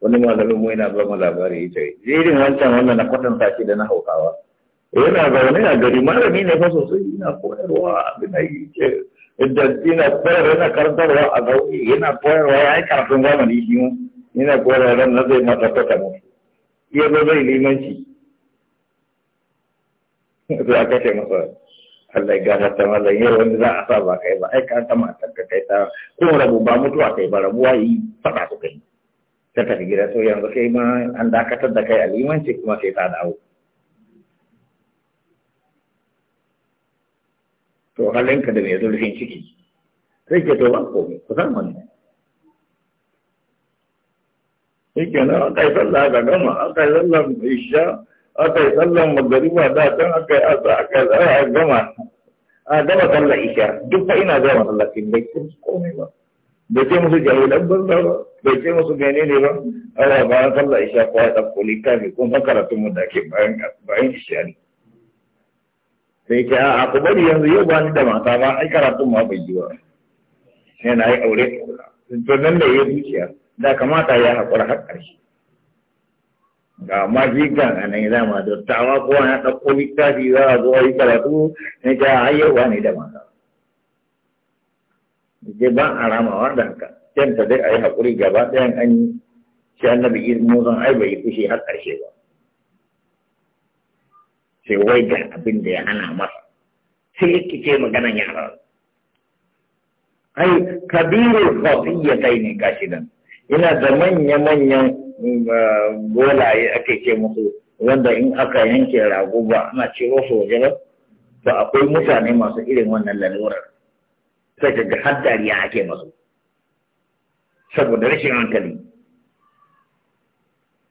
wani malamin mu yana ba mu labari ita ce jirin wancan wannan na kwatanta shi da na haukawa yana zaune a gari malami ne fa sosai yana koyarwa abin da yi ce da yana koyarwa yana karantarwa a zaune yana koyarwa ya yi karatun zamani shi mu yana kora ran na zai mata kwata musu iya ba zai limanci sai aka ce masa Allah ya gana ta mallan yau wani za a sa ba kai ba ai ka ta matar ka kai ta ko rabu ba mutuwa kai ba rabuwa yi fada ku kai ta tafi gida to yanzu kai ma an dakatar da kai a limanci kuma sai ta dawo to halinka da mai zurfin ciki sai ke to ba komai ku san wannan yake nan aka yi sallah ga gama aka yi sallah isha aka yi sallah magariba da can aka yi asa aka yi a gama a gama sallah isha duk fa ina sallah kin bai ce musu komai ba bai ce musu jahilan banza ba bai ce musu gane ne ba awa bayan sallah isha ko ya ɗauko littafi ko makaratun mu da ke bayan isha ne sai ke a ku bari yanzu yau ba ni da mata ba ai karatun ma bai yi ba yana yi aure to nan da ya zuciya da kamata ya haƙura har ƙarshe ga majigan a nan dama dattawa ko na ɗauko littafi za a zo a yi karatu ne ta hayyarwa ne da mata je ba a ramawa da haka ta dai a yi haƙuri gaba ɗayan an yi shi annabi zan ai bai fushi har ƙarshe ba sai wai ga abin da ya hana masa sai yake ce maganan yara ai kabiru khafiyyatai ne gashi nan yana da manya-manyan golaye mm, ah, ake ce musu wanda in aka yanke rago ba ana ce wasu waje ba to akwai mutane masu irin wannan lalurar sai ta ga har dariya ake masu saboda rashin hankali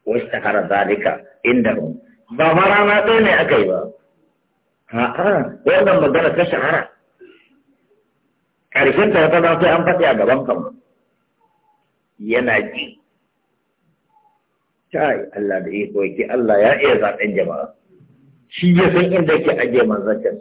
wasu ta hara zalika inda ba ma rana ɗaya ne aka yi ba a'a wannan magana ta shahara ƙarshen ta ta zafi an faɗi a gaban kanmu yana ji kai Allah da iko yake Allah ya iya zaben jama'a shi ya san inda yake aje manzancin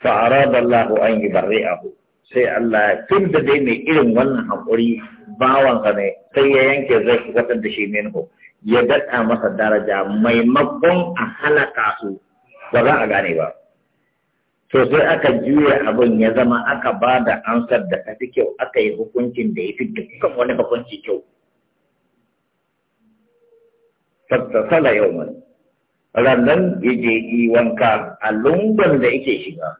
fa arada Allah an yubarri'ahu sai Allah tun da dai mai irin wannan haƙuri bawansa ne sai ya yanke zai kuwatar da shi minhu ya daɗa masa daraja mai maimakon a halaka su ba za a gane ba to sai aka juya abin ya zama aka ba da ansar da ta fi kyau aka yi hukuncin da ya fi dukkan wani hukunci kyau tattasala yau mai rannan ya je yi wanka a lungon da yake shiga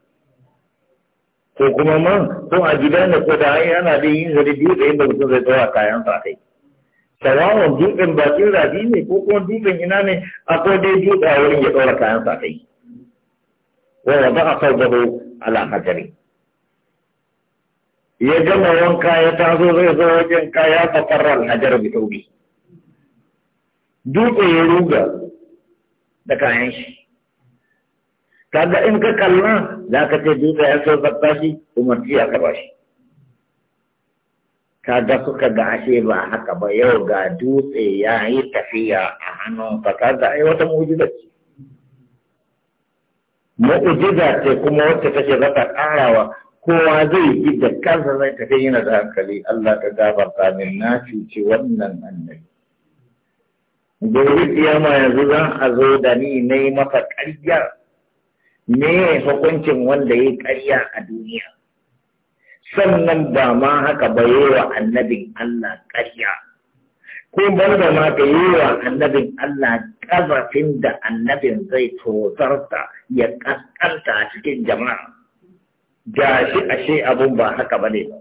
ko kuma man ko a gida ne ko da hanyar yana da yin zari biyu da inda mutum zai tsawa kayan sa kai dukkan dutsen bakin rafi ne ko kuma dutsen ina ne akwai dai a wurin ya tsawa kayan sa kai ووضع ثوبه على حجره ya gama wanka ya taso zai zo wajen kaya fafarra alhajar bitauri dutse ya ruga da kayan shi kaga in ka kalla za ka ce dutse ya so zarta shi ya karba shi kaga suka ga ashe ba haka ba yau ga dutse ya yi tafiya a hannun ka kaga ai wata mu'jiza ma'ujiza ce kuma wacce take zaka karawa kowa zai yi da kansa zai tafi yana da hankali Allah ka gafarta min na cuci wannan annabi gobe ma yanzu zan a zo da ni na yi masa ƙarya me hukuncin wanda ya yi ƙarya a duniya sannan ba ma haka ba yi wa annabin Allah ƙarya ko banda ma ka yi wa annabin Allah ƙazafin da annabin zai tozarta ya ƙasƙanta a cikin jama'a ga shi ashe abun ba haka ba ne ba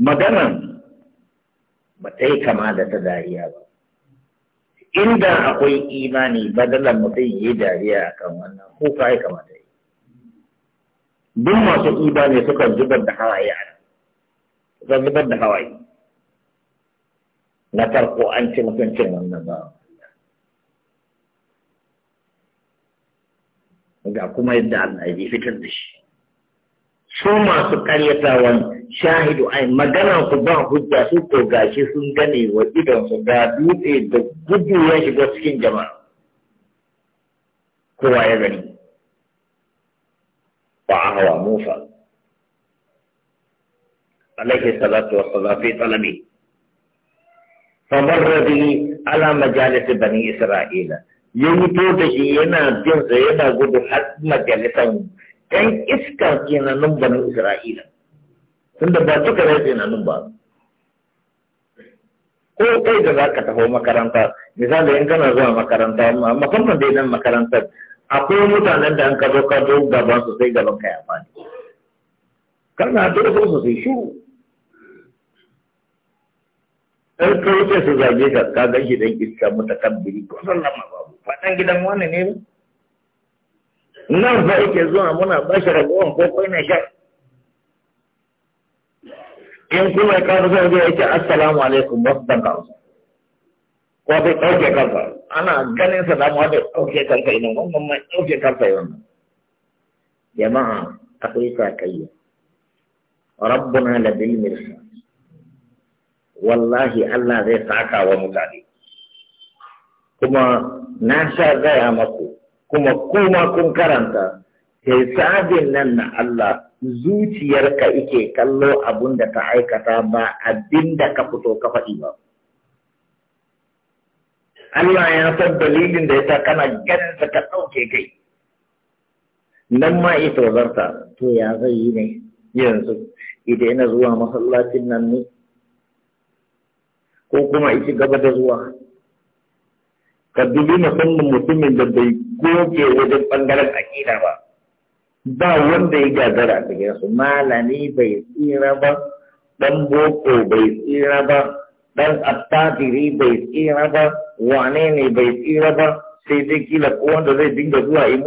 maganan ba ta yi kama da ta dariya ba inda akwai imani badalan mutum ya yi dariya a kan wannan ko ka yi kamata yi duk masu imani sukan zubar da hawaye a zubar da hawaye na farko an ci mutuncin wannan ba ga kuma yadda Allah ya fitar da shi su masu karyatawan shahidu ai magana ku ba hujja su ko gashi sun gane wa idan su ga dutse da gudu ya shiga cikin jama'a kowa ya gani ba a hawa musa alaihi salatu wa salafi talabi فمر به على مجالس بني إسرائيل يوتو yana ينا بيوسا ينا قدو حد مجالسهم كان إسكا كينا نم بني إسرائيل tunda ba duka ne sai nan ba ko kai da zaka taho makaranta misali in kana zuwa makaranta kuma dai nan makarantar akwai mutanen da an ka zo ka zo gaban su gaban kai amma kana dole su in ka wuce su zage ka ka gan shi dan iska biri ko sallama babu faɗan gidan wani ne nan fa yake zuwa muna ba shi ragowar ko kai na sha in kuma ka fi zan zai yake assalamu alaikum wasu ban ka amsa ko bai ɗauke kansa ana ganin sa da bai ɗauke kansa idan wannan mai ɗauke kansa yawan jama'a akwai sakayya rabbuna labil mirsad wallahi Allah zai saka wa mutane kuma na sha gaya maku kuma kuma kun karanta hisabin nan na Allah zuciyarka ike kallo abun da ta aikata ba abin da ka fito ka faɗi ba Allah ya san dalilin da ya sa kana ganin sa ka ɗauke kai nan ma ita zarta to ya zai yi ne yanzu idan na zuwa masallacin nan ne ko kuma ci gaba da zuwa ka dubi musamman mutumin da bai goge wajen bangaren aƙida ba ba wanda ya gagara da cikin malami bai tsira ba dan boko bai tsira ba dan attajiri bai tsira ba wane ne bai tsira ba sai dai kila ko wanda zai dinga zuwa yi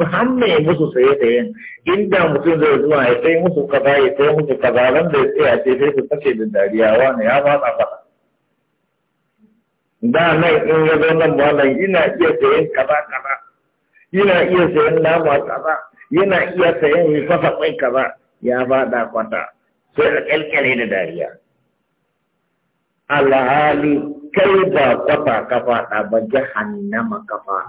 hamme musu saye yin inda mutum zai zuwa ya sai musu kaza ya sai musu kaza ran da ya tsaya sai sai su kashe da dariya wane ya ba da nan in ya zo nan malam ina iya sayan kaza kaza ina iya sayan nama kaza yana iya sayan fasa mai kaza ya da kwata sai da kyalkyale da dariya alhali kai ba kwata ka da ba jahannama ka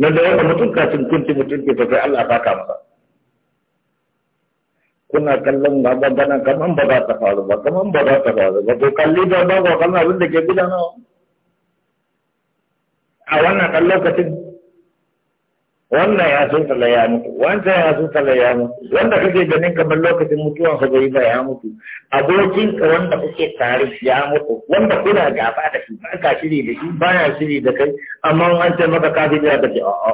na da mutum kacin kunci mutum ke tafi Allah baka masa kuna kallon magana kaman ba za ta faru ba kaman ba za ta faru ba to kalli da ba ku kallon abin da ke gudanawa a wannan ɗan lokacin wannan ya so tala ya mutu wancan ya so tala ya mutu wanda kake ganin kamar lokacin mutuwan sa bai ba ya mutu abokin ka wanda kuke tare ya mutu wanda kuna gaba da shi ba ka shiri da shi baya shiri da kai amma wancan ce maka kafin ya kace a'a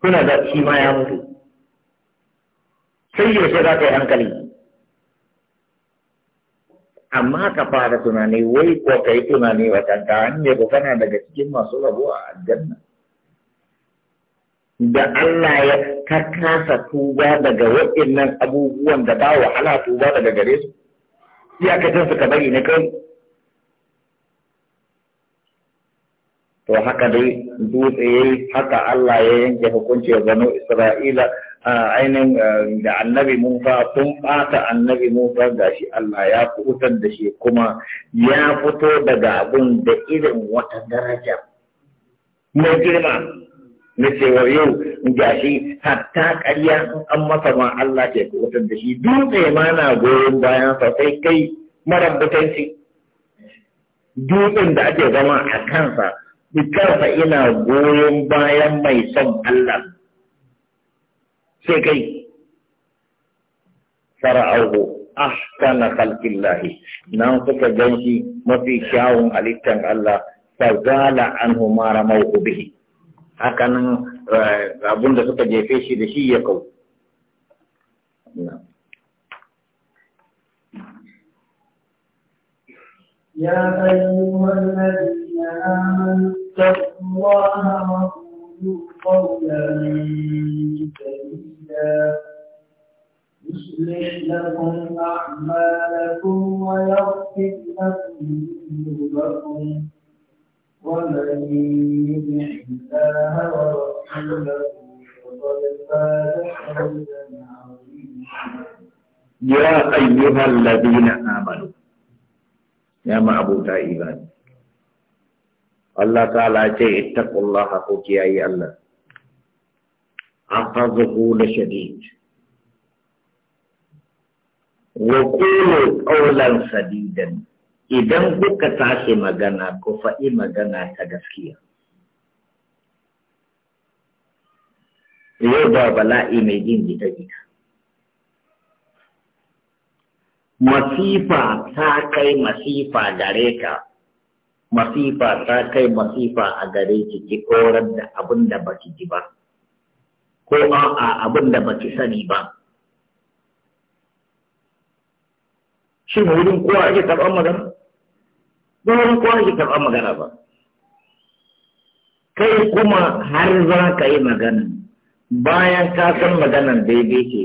kuna da shi ma ya mutu sai yaushe za ka yi hankali amma ka fara tunani wai ko ka yi tunani wa kanka an ne ko kana daga cikin masu rabo a aljanna da Allah ya ka kasa tuba daga waɗannan abubuwan da ba wahala tuba daga gare su iyakacin su ka bari na kai to haka dai dutse haka Allah ya yanke hukunci ya Isra'ila ainihin da annabi Musa sun ɓata annabi Musa ga shi Allah ya kutar da shi kuma ya fito daga abin da irin wata daraja na girma na cewa yau ga shi hatta ƙarya an masa ma Allah ke kutar da shi dutse ma na goyon bayan sa sai kai marabbatanci dutsen da ake zama a kansa kansa ina goyon bayan mai son Allah sai kai fara'ahu ahsana khalqillahi nan suka ganshi mafi kyawun halittan Allah fazala anhu ma ramawhu bihi hakanan eh, abun da suka jefe shi da shi ya kau يا أيها الذين آمنوا اتقوا الله قولا سديدا يصلح لكم أعمالكم ويغفر لكم ذنوبكم ومن يطع الله ورسوله فقد فاز فوزا عظيما يا أيها الذين آمنوا يا معبود إيمان Allah ta'ala ce ittaqullaha ku kiyaye Allah afazuhu la shadid wa qulu qawlan sadidan idan kuka tashi magana ku faɗi magana ta gaskiya yau ba bala'i mai jin jita jita masifa ta kai masifa gare ka masifa ta kai masifa a gare ki ki korar da abin da baki ji ba ko a abin da ki sani ba shin wurin kowa ake taɓa magana ba wurin kowa ake karɓar magana ba kai kuma har za ka yi magana bayan ka san maganan daidai ce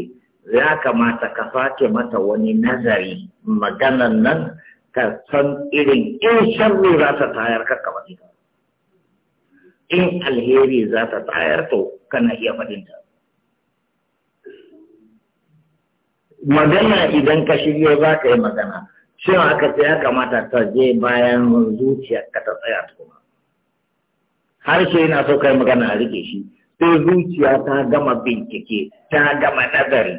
ka mata ka sake mata wani nazari maganan nan ka san irin in sharri za ta tayar ka kaba in alheri za ta tayar to kana iya ta magana idan ka shirya za ka yi magana shi aka ce ya kamata ta je bayan zuciyar ka ta tsaya Har shi yana so kai magana a rike shi sai zuciya ta gama bincike ta gama nazari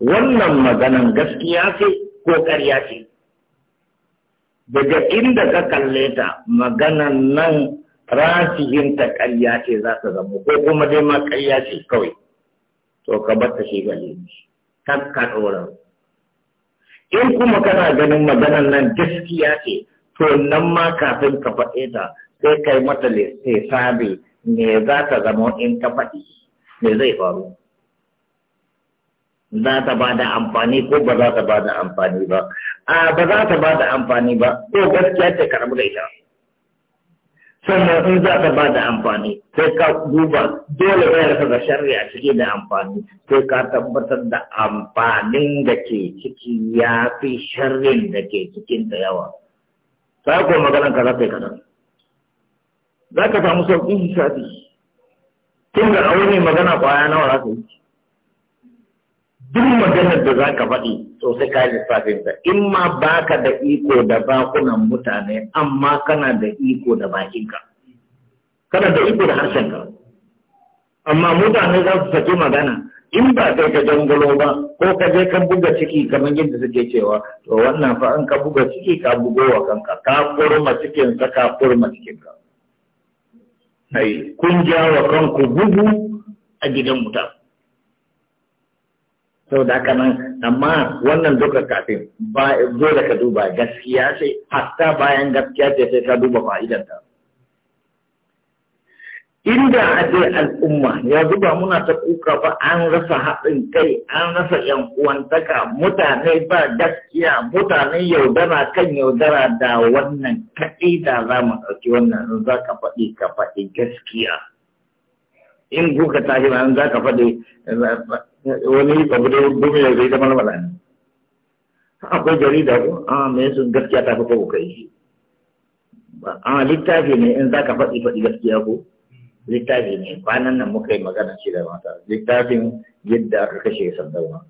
wannan maganan gaskiya ce ko ƙarya ce daga inda ka kalle ta maganan nan rasihinta ƙarya ce za ta zama ko kuma dai ma ƙarya ce kawai to ka bar ta shi gale ka ɗora in kuma kana ganin maganan nan gaskiya ce to nan ma kafin ka faɗe ta sai kai mata lissafi me za ta zama in ka faɗi me zai faru za ta ba da amfani ko ba za ta ba da amfani ba a ba za ta ba da amfani ba ko gaskiya ce ka da ita sannan in za ta ba da amfani sai ka duba dole zai rasa da shari'a cike da amfani sai ka tabbatar da amfanin da ke ciki ya fi shari'in da ke cikin da yawa sai ko maganan ka za ta yi kadan za ka samu sauƙin hisabi tun da a wani magana kwaya nawa za ka yi duk maganar da za ka faɗi sosai sai ka yi lissafin ta in ma baka da iko da bakunan mutane amma kana da iko da bakinka kana da iko da harshenka amma mutane za su saki magana in ba kai ka jangulo ba ko ka je ka buga ciki kamar yadda suke cewa to wannan fa an ka buga ciki ka bugo wa kanka ka kurma cikin ka ka kurma cikin kun ja wa kanku bugu a gidan mutane sau da haka nan amma wannan duka kafin ba da ka duba gaskiya ce hatta bayan gaskiya ce sai ka duba fa'idanta inda a al'umma ya zuba muna ta kuka ba an rasa haɗin kai an rasa yan uwantaka mutane ba gaskiya mutane yaudara kan yaudara da wannan kaɗai da za mu ɗauki wannan za ka faɗi ka faɗi gaskiya in kuka tashi ba za ka faɗi wani babu da gumi ya zai zama lamala ne akwai jarida ko a me sun gaskiya ta fi kuka yi. a littafi ne in za ka faɗi faɗi gaskiya ko littafi ne kwanan nan muka yi magana shi da mata littafin yadda aka kashe sandauna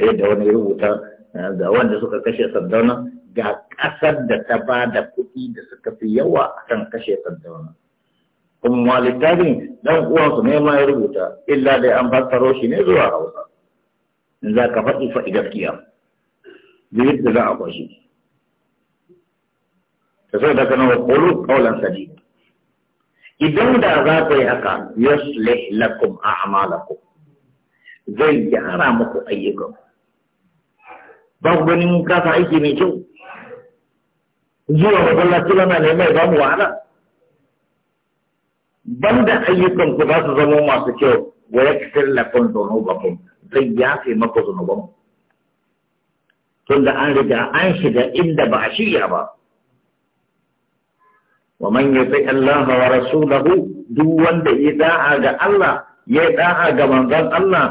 yadda wani rubuta da wanda suka kashe sandauna ga ƙasar da ta ba da kuɗi da suka fi yawa akan kashe sandauna kuma ma littafin dan uwansu ne ma ya rubuta illa dai an fassaro shi ne zuwa hausa in za ka faɗi faɗi gaskiya da yadda za a kwashi ta sau da kana wa kolo kaulan sadi idan da za ku yi haka yuslih lakum a'malakum zai gyara muku ayyukan ba ku ganin kasa aiki mai kyau zuwa masallaci ba na neman ba mu wahala banda ayyukan ku za su zama masu kyau wa yakfir lakum dhunubakum zai yafe maka zunuban tunda an riga an shiga inda ba a shirya ba wa man yuti Allah wa rasulahu duk wanda ya da'a ga Allah ya da'a ga manzon Allah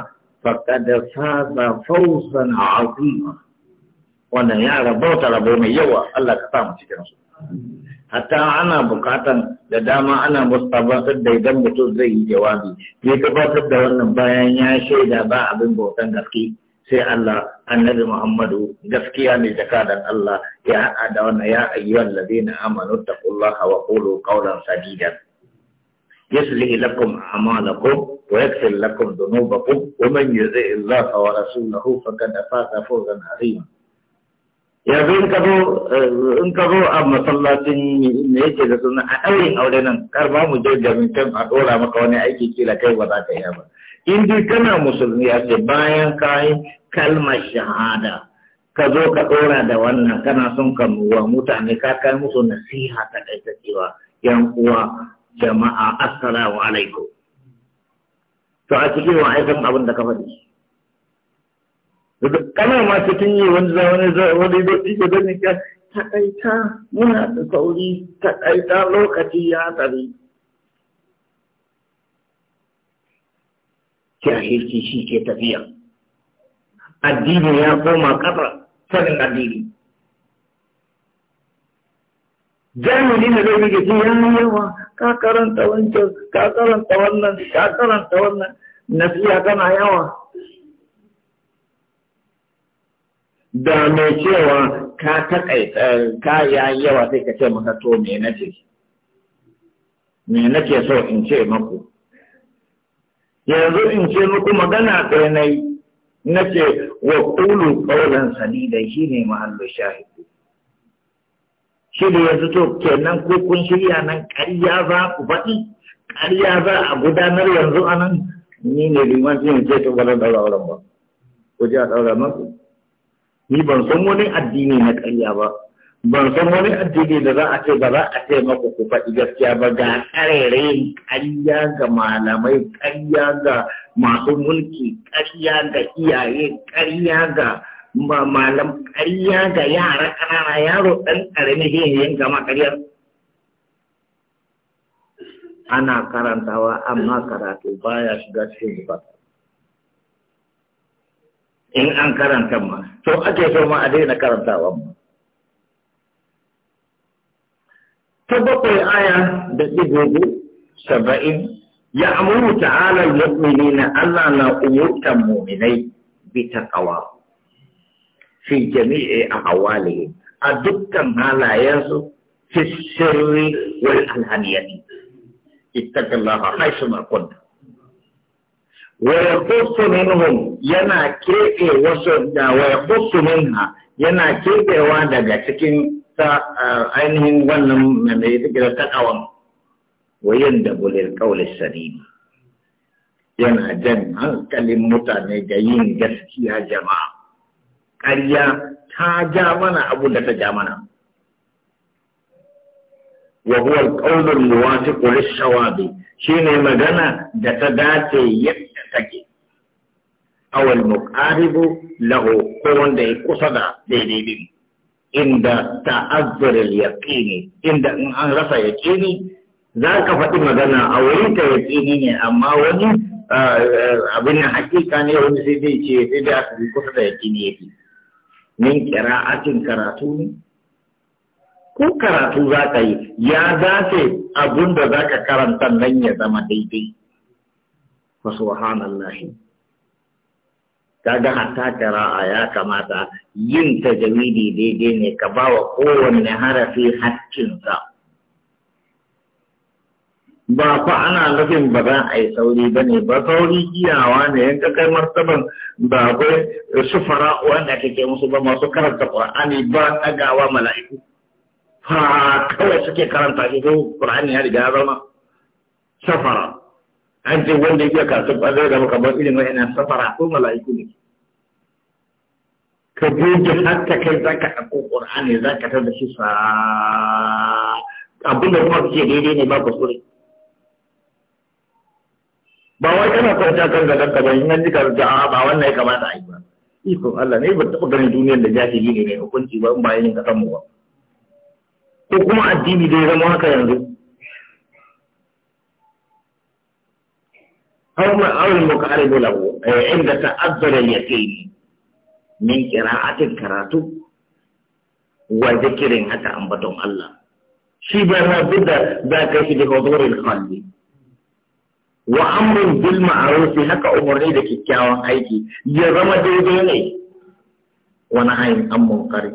faqad faza fawzan azima wannan ya rabauta rabo mai yawa Allah ka sa mu cikin su hatta ana bukatan da dama ana musu da idan mutum zai yi jawabi ya gabatar da wannan bayan ya shaida ba abin bautan gaske sai Allah annabi Muhammadu gaskiya ne da Allah ya ada da wannan ya ayyuhal ladina amanu taqullaha wa qulu qawlan sadida wa yaghfir lakum dhunubakum wa man ومن illaha wa ورسوله faqad faza fawzan 'azima yanzu in ka zo eh, in ka zo a masallacin me yake da suna a ɗaurin aure nan kar ba mu je gamin kan a ɗora maka wani aiki kila kai ba za ka yi ba in dai kana musulmi a ce bayan ka yi kalmar shahada ka zo ka ɗora da wannan kana son ka mutane ka kai musu nasiha ta kai ta cewa yan uwa jama'a assalamu alaikum to a cikin wa'aikan abin da ka faɗi da kana ma tun yi wani zamanin wani dotsi da gani ka takaita muna da sauri ta takaita lokaci ya tsari jahilci shi ke tafiya addini ya koma kafa sanin addini jami'in da zai rike ya yi yawa ka karanta wancan ka karanta wannan ka karanta wannan nasiya kana yawa da mai cewa ka ya yi yawa sai ka ce maka to me nake me nake so in ce maku yanzu in ce muku magana ɗaya na yi na ce wa ƙulu ƙaunar da shi ne mahallin shahidu shi da yanzu to kenan ko kun shirya nan ƙarya za ku faɗi ƙarya za a gudanar yanzu a nan ni ne liman shi ne ce ta ba ɗaura auren ba ku ji a ɗaura maku ni ban san wani addini na ƙarya ba ban san wani addini da za a ce ba za a ce maka ku faɗi gaskiya ba ga ƙarerayin ƙarya ga malamai ƙarya ga masu mulki ƙarya ga iyaye ƙarya ga malam ƙarya ga yara ƙanana yaro ɗan ƙarami shi yin gama ana karantawa amma karatu baya shiga cikin bukata in an karanta ma to ake so ma a daina karantawa ma ta bakwai aya da dubu saba'in ya amuru ta'ala mu'mini na Allah na umurtan mu'minai bi taqwa fi jami'i ahwalihi a dukkan halayensu fi sirri wal alhaniyati ittaqillaha haythu kunta ويقص منهم ينا كيبي وسدا ويقص منها ينا كيبي وادا cikin ta ainihin wannan mai take da takawan wayan da bulil qawli sadidi yana jan hankalin mutane ga yin gaskiya jama'a Karya ta ja mana abu da ta ja mana wa mu al-qawlu al-muwafiq lis shine magana da ta dace yadda take awal muqaribu lahu ko wanda ya kusa da daidai din inda ta'azzur al-yaqini inda in an rasa yaqini za ka faɗi magana a wurin ta yaqini ne amma wani abin hakika ne wani sai dai ce sai dai aka kusa da yaqini yake min qira'atin karatu ne ko karatu za ka yi ya dace abin da za ka karanta nan ya zama daidai fa subhanallahi kaga hatta qira'a ya kamata yin tajwidi daidai ne ka bawa kowanne harafi haƙƙinsa ba fa ana nufin ba za a yi sauri ba ne ba sauri iyawa ne yan ka kai martaban ba kai su fara'u wanda kake musu ba masu karanta qur'ani ba tagawa mala'iku fa kawai suke karanta shi ko qur'ani ya riga ya zama safara an ce wanda yake kasu ba zai zama kamar irin wa'ina safara ko mala'iku ne ka goge hatta kai za ka ɗauko ƙur'ani za ka tar da shi sa abin da kuma suke daidai ne ba kuskure ba wai kana kwanta kan gadon ka ban nan jika da ba wannan ya kamata a yi ba iko Allah ne ba taɓa ganin duniyar da jahili ne mai hukunci ba in ba yin kasan mu ba ko kuma addini dai zama haka yanzu Kar me mu muka arewa labo a yankin da ta Abdullahi ya ke min kira karatu, waje kiran haka ambaton Allah. Shi ba na buga za ka fi da hauhurin kawai Wa amin gulma a haka umarni da kyakkyawan aiki ya zama daidai ne? Wani aya na amma wakari.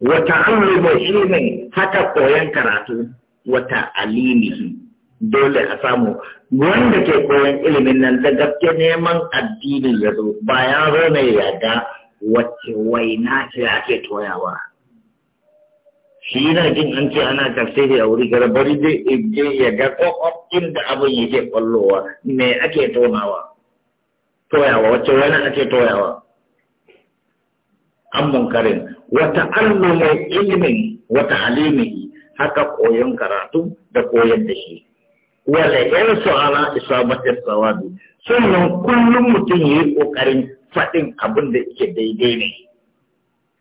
Wata amai ba shi ne haka koyon karatu wata alilihi. dole a samu wanda ke koyon ilimin nan da gaske neman addini ya zo bayan zo ne ya ga wacce waina ce ake toyawa shi yana jin an ce ana tafsiri a wuri gara bari zai je ya ga kwakwafin da abin yake kwallowa me ake tonawa toyawa wacce waina ake toyawa an munkarin wata mai ilimin wata alimihi haka koyon karatu da koyon da shi wala yan ala isabatis sawabi sannan kullum mutum yi kokarin faɗin abin da yake daidai ne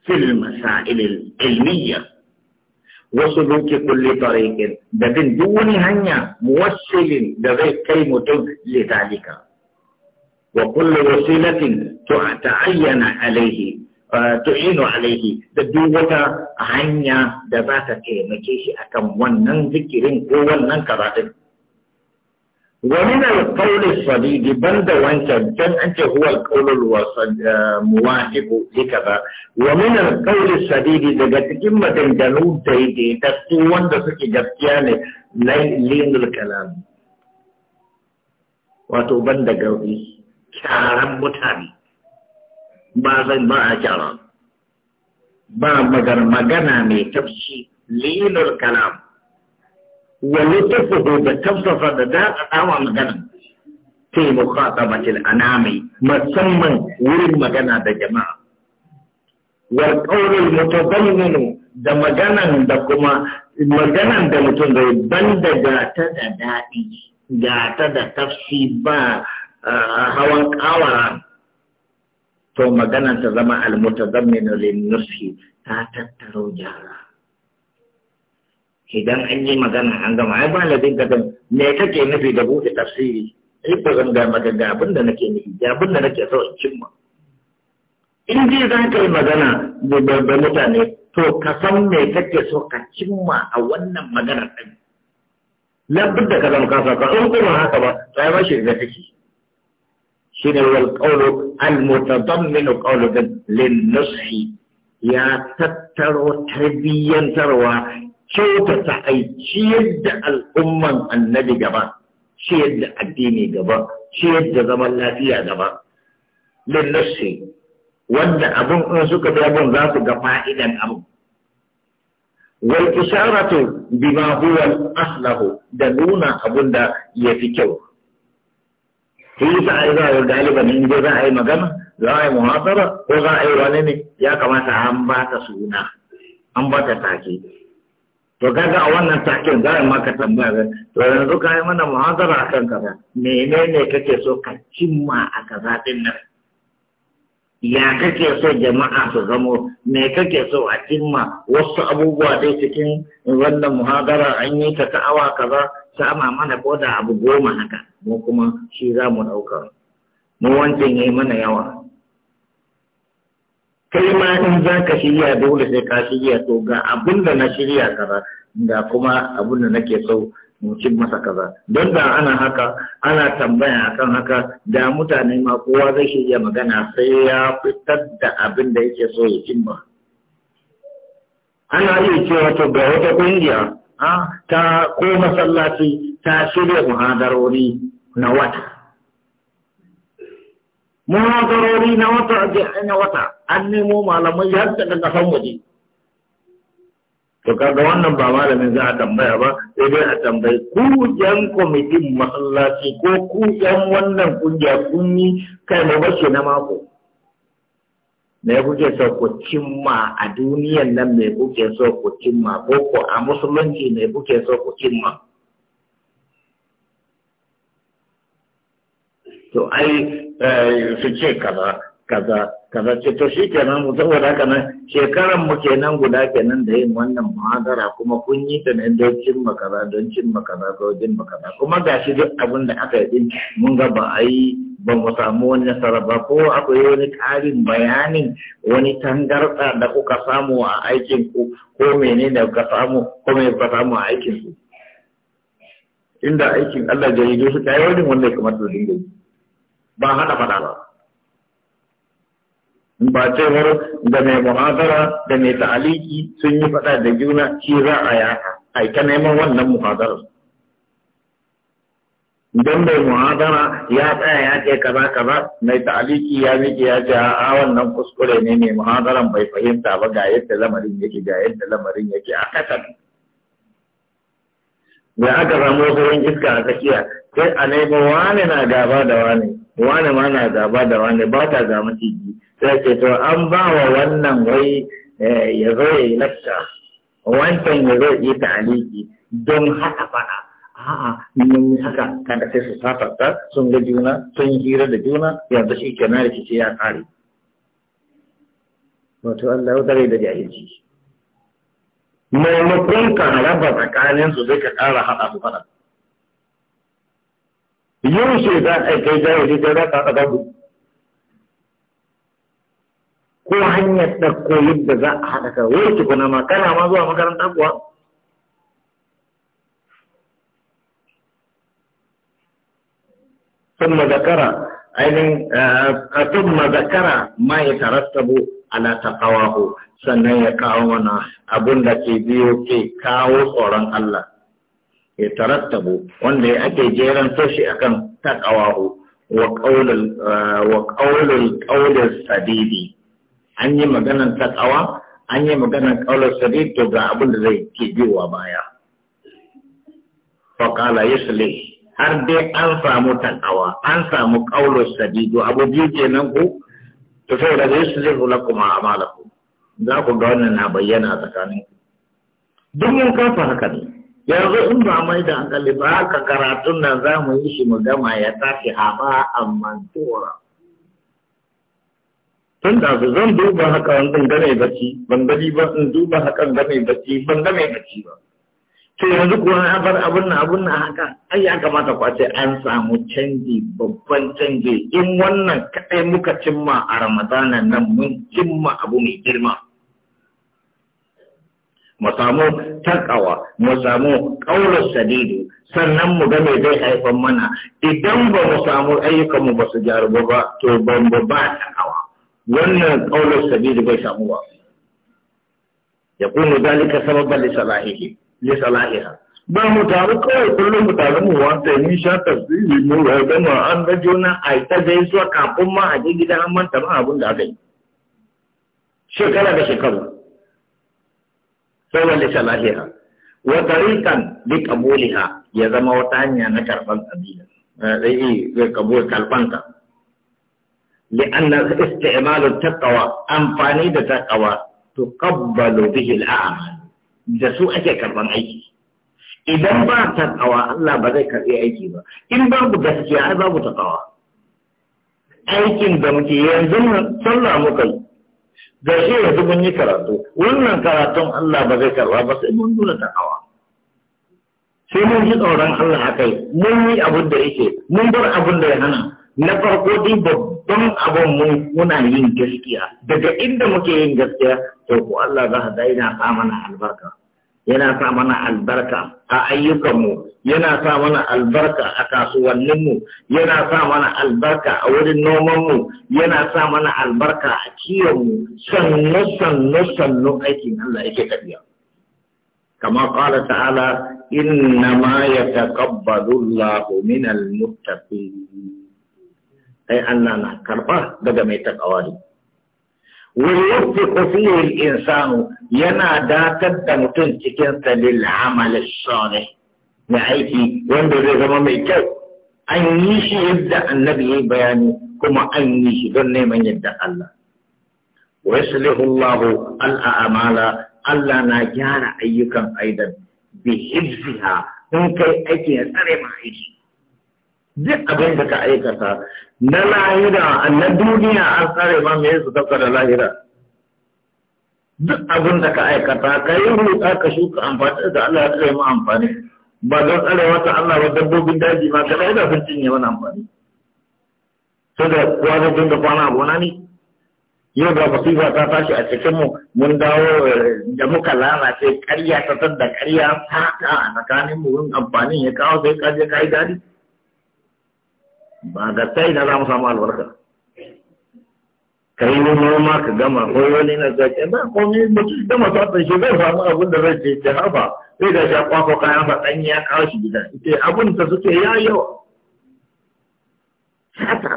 fil masail ilmiya wasu duki kulli tariqin da bin duk wani hanya muwassilin da zai kai mutum litalika wa kullu wasilatin ta'ayyana alayhi tu'inu alaihi da duk wata hanya da za ta taimake shi akan wannan zikirin ko wannan karatun ومن القول الصديق بند وانت كان انت هو القول الموافق لكذا ومن القول الصديق daga cikin maganganu daidaitattu wanda suke gaskiya ne na linul kalam wato banda gauri kyaran mutane ba zan ba a kyara ba magana mai tafshi linul kalam wani tabbata da tafsafa da za a dawa magana ke mukhata bakil anami musamman wurin magana da jama'a Wani ƙaunar qawlul mutadammin da maganan da kuma maganan da mutum zai ban da gata da daɗi gata da tafsi ba hawan ƙawara. to maganan ta zama al-mutadammin lin nusi ta tattaro jara idan an yi magana an gama ai ba labin kadan me kake nufi da buɗe tafsiri ai ba zan ga maka abin da nake nufi ga abin da nake so in cimma in dai za ka yi magana da mutane to ka san me kake so ka cimma a wannan maganar ɗin Labbin da ka zama kasa ka in kuma haka ba sai ba shi da shi shine wal qawlu al mutadammin qawlu lin nushi ya tattaro tarbiyyantarwa kyautata aiki ciyar da al'umman annabi gaba ciyar da addini gaba ciyar da zaman lafiya gaba lillashi wanda abun in suka bi abun za su ga fa'idan abun wal isharatu bima huwa aslahu da nuna abin da ya fi kyau shi yasa ai za a galiban in za a yi magana za a yi muhasara ko za a yi wani ne ya kamata an ba ta suna an ba ta take to kaga a wannan takin za maka tambaya to yanzu ka yi mana muhazara kan kaza menene kake so ka cimma a kaza din nan ya kake so jama'a su zamo me kake so a cimma wasu abubuwa dai cikin wannan muhazara an yi ta awa kaza sama mana ko da abu goma haka mu kuma shi za mu ɗauka mu wancan yi mana yawa kai ma in za ka shirya dole sai ka shirya to ga abin da na shirya kaza ga kuma abin da nake so mutum masa kaza don da ana haka ana tambaya akan haka da mutane ma kowa zai shirya magana sai ya fitar da abin da yake so ya cimma ana iya cewa to ga wata kungiya ah, ta ko masallaci ta shirya muhadarori na wata muhadarori na wata na wata an nemo malamai har daga kan waje to kaga wannan ba malamin za a tambaya ba sai dai a tambayi ku yan kwamitin masallaci ko ku yan wannan kungiya kun kai mu bace na mako me kuke so ku cimma a duniyan nan me kuke so ku cimma ko ko a musulunci me kuke so ku cimma to ai eh, su ce kaza kaza kaza ce to shi kenan mu saboda haka nan shekaran mu kenan guda kenan da yin wannan muhadara kuma kun yi ta ne don cin makara don cin makara don cin makara kuma ga shi duk abin da aka yi mun ga ba a yi ba mu samu wani nasara ba ko akwai wani ƙarin bayanin wani tangarɗa da kuka samu a aikin ku ko menene kuka samu ko me kuka samu a aikin ku inda aikin Allah jaridu su yi wani wanda ya kamata su dinga yi ba hana fada ba ba ce wani da mai muhadara da mai ta'aliki sun yi fada da juna shi za a yi aika neman wannan muhadarar idan bai muhadara ya tsaya ya ce kaza kaza mai ta'aliki ya miƙe ya ce a wannan kuskure ne mai muhadaran bai fahimta ba ga yadda lamarin yake ga yadda lamarin yake a kasan da aka samu wurin iska a tsakiya sai a neman wane na gaba da wane wani ma na gaba da wani ba ta ga maciji sai ce to an ba wa wannan wai eh, ya zo ya yi lafta wancan ya zo ya yi ta'aliki don haka fara a'a mun haka kada sai su safarta sun ga juna sun yi hira da juna yanzu shi ke da shi ya kare wato Allah ya tare da jahilci maimakon ka raba tsakaninsu zai ka ƙara haɗa su faɗa shi za a kai jahili da za a haɗa ku. ko hanyar ɗauko yadda za a haɗa ka wai tukuna ma kana ma zuwa makarantar kuwa ثم ذكر ainihin sun eh, eh, mazakara ma ya tarattabu kawo taqawahu sannan ya kawo mana abun da ke biyo ke kawo tsoron Allah ya tarattabu wanda ya ake jeran tashi akan kan wa qaulul wa ƙaunar ƙaunar sadidi an yi maganan takawa an yi maganan ƙaunar sadidi to ga abin da zai ke biyuwa baya faƙala ya sule har dai an samu takawa an samu ƙaunar sadidi abu biyu ke nan ku to sai da yusli lakum a'malakum za ku ga wannan na bayyana tsakanin duk mun kafa haka ne yanzu in ba mai da hankali ba haka karatun nan za mu yi shi mu gama ya tafi haɓa a mantura tun da su zan duba haka ga mai bacci ban gani ba in duba hakan game bacci ban game bacci ba to yanzu kuwa na bar abun na abun na haka ai ya kamata ku ce an samu canji babban canji in wannan kaɗai muka cimma a ramadanan nan mun cimma abu mai girma. mu samu takawa mu samu ƙaunar sadidu sannan mu ga me zai haifar mana idan ba mu samu ayyukanmu ba su jaruba ba to ba mu ba takawa wannan ƙaunar sadidu bai samu ba ya kuma zalika sababan lisalahihi lisalahiha ba mu taru kawai kullum mu taru mu wanta ni sha tasiri mu ga gama an ga juna a ta gaisuwa kafin ma a je gidan an manta ma abin da aka yi shekara da shekaru kowane shalahiha wa tariqan li qabuliha ya zama wata hanya na karban kabila eh zai eh, kabul kalbanta li anna isti'malu taqwa amfani da taqwa tuqabbalu bihi al'amal da su ake karban aiki idan ba taqwa Allah ba zai karbi aiki ba in babu gaskiya ai babu taqwa aikin da muke yanzu sallah muka yi da shi yanzu mun yi karatu wannan karatun Allah ba zai karba ba sai mun nuna takawa sai mun ji tsoron Allah akai mun yi abin da yake mun bar abin da ya hana na farko dai babban abin mu muna yin gaskiya daga inda muke yin gaskiya to ko Allah za ka daina sa mana albarka yana sa mana albarka a ayyukanmu yana sa mana albarka a kasuwanninmu yana sa mana albarka a wurin nomanmu yana sa mana albarka a kiwonmu sannu sannu sannu aikin Allah yake tafiya kama kala ta'ala inna ma ya Allahu minal muttaqin ai Allah na karba daga mai takawari. wani fiye insanu yana datar da mutum cikin sabil amal sani na aiki wanda zai zama mai kyau an yi shi yadda annabi ya bayani kuma an yi shi don neman yadda Allah wa yaslihu Allah al a'mala Allah na gyara ayyukan aidan bi hifziha in kai aiki ya tsare ma aiki duk abin da ka aikata na lahira na duniya an tsare ba mai su tafka da lahira duk abin da ka aikata ka yi hulɗa ka shuka amfani da Allah ya tsare ma amfani ba don tsare wata Allah ba dabbobin daji ma ka lahira sun cinye mana amfani sai da kowa zai da kwana gona ne yau ga musifa ta tashi a cikin mu mun dawo eh, da muka lalace karya ta da karya ta a tsakanin mu wurin amfanin ya kawo sai ka je ka yi dadi ba ga ta ina za mu samu albarka ka yi noma ka gama ko wani na zaki ba komai mutum da masu haɗin shi zai samu abin da zai ce ta haba sai da shi kwakwa kayan sa dan ya kawo shi gida ita abin da suke ya yawa haka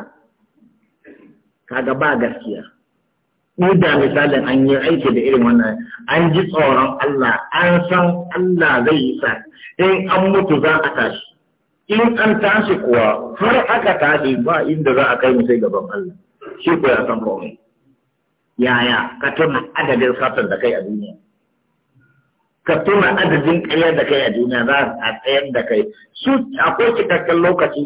kaga ba gaskiya ni da misalin an yi aiki da irin wannan an ji tsoron Allah an san Allah zai yi sa in an mutu za a tashi in an tashi kuwa har aka tashi ba inda za a kai mu sai gaban Allah shi ko ya san komai yaya ka tuna adadin satan da kai a duniya ka tuna adadin ƙaryar da kai a duniya za a tsayar da kai su akwai cikakken lokaci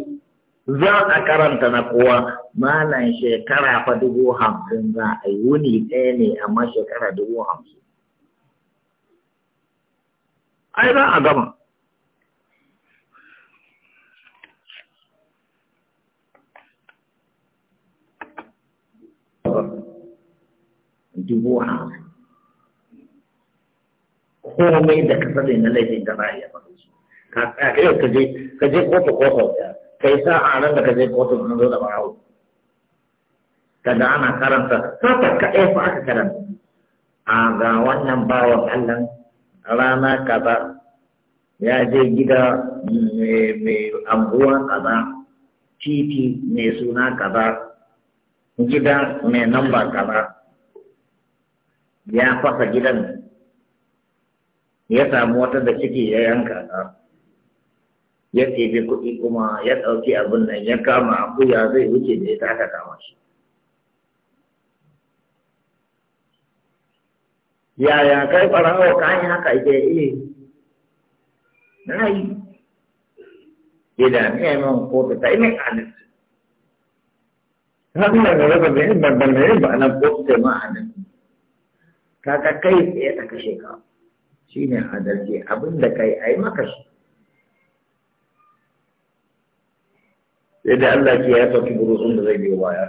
za a karanta na kowa malam shekara fa dubu hamsin za a yi wuni ɗaya ne amma shekara dubu hamsin ai za a gama dubu hamsin komai da kasar da na laifin da ba ya faru su ka tsaya ka je ka je kotu kotu kai sa a nan da ka je kotu na zo da barawo kada ana karanta sata kaɗai fa aka karanta a ga wannan bawan Allah rana kaza ya je gida mai anguwa kaza titi mai suna kaza gida mai namba kaza ya fasa gidan ya samu wata da ciki ya yanka ta ya ɗebi kuɗi kuma ya ɗauki abin nan ya kama akuya zai wuce da ita aka kama shi yaya kai farawa ka yi haka ita iya na yi idan ya yi man kofi ta yi mai adalci Kamu nggak ngerti perbedaan berbandingnya mana bos sama anak. Kakak kai ya tak kasih kau. Sini ada si abang dah kai ayam makas. Jadi Allah dia tu berurusan dengan dia waya.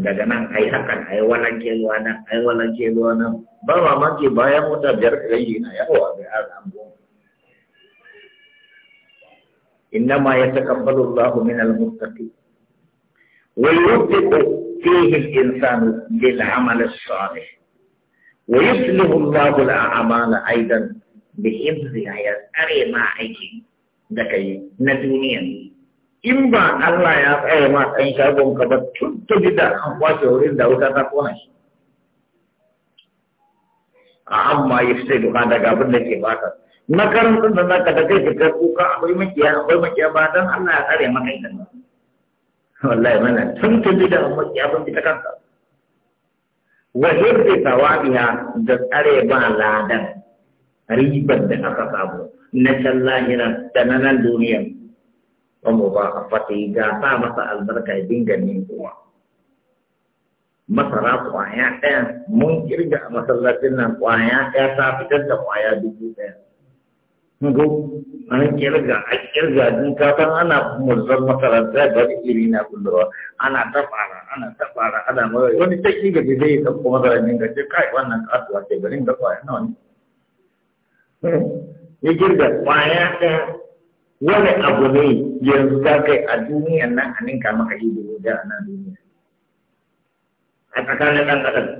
Daga nan ai hakan ai walan ke luana ai walan ke luana ba ma ma ke baya mu da jar kai na ya wa ga al'amu innama yatakabbalu Allahu minal muttaqin ويطلق فيه الإنسان للعمل الصالح ويصلح الله الأعمال أيضا بإمز آية أري ما أيكي دكي ندنيا إما الله يا أي ما إن شاء الله كبر تبدأ أنفاس أورين داودا تقوناش أما يفسد هذا قبل نكي باتا ما كان كنا نكذب كذب كوكا أبوي ما باتا الله يا أري ما كيدنا wallahi mana tun ta bi da mafi abin ta kanta wa hirri tawabiha da tsare ba ladan ribar da aka samu na can lahirar da na nan duniyar wa mu ba a fati ga sa masa albarka ya dinga ninkowa masara kwaya ɗaya mun kirga a masallacin nan kwaya ɗaya ta fitar da kwaya dubu ɗaya go an kirga a kirga din ka san ana murzar makaranta da iri na kullura ana ta fara ana ta fara ana mara wani take ga dai ta kuma da nin ga kai wannan kasuwa ce garin da kwaya nawa ne ya kirga kwaya ta wani abu ne yanzu ka kai a duniyan nan a ninka maka ido da a nan duniya a tsakanin ɗan ƙasar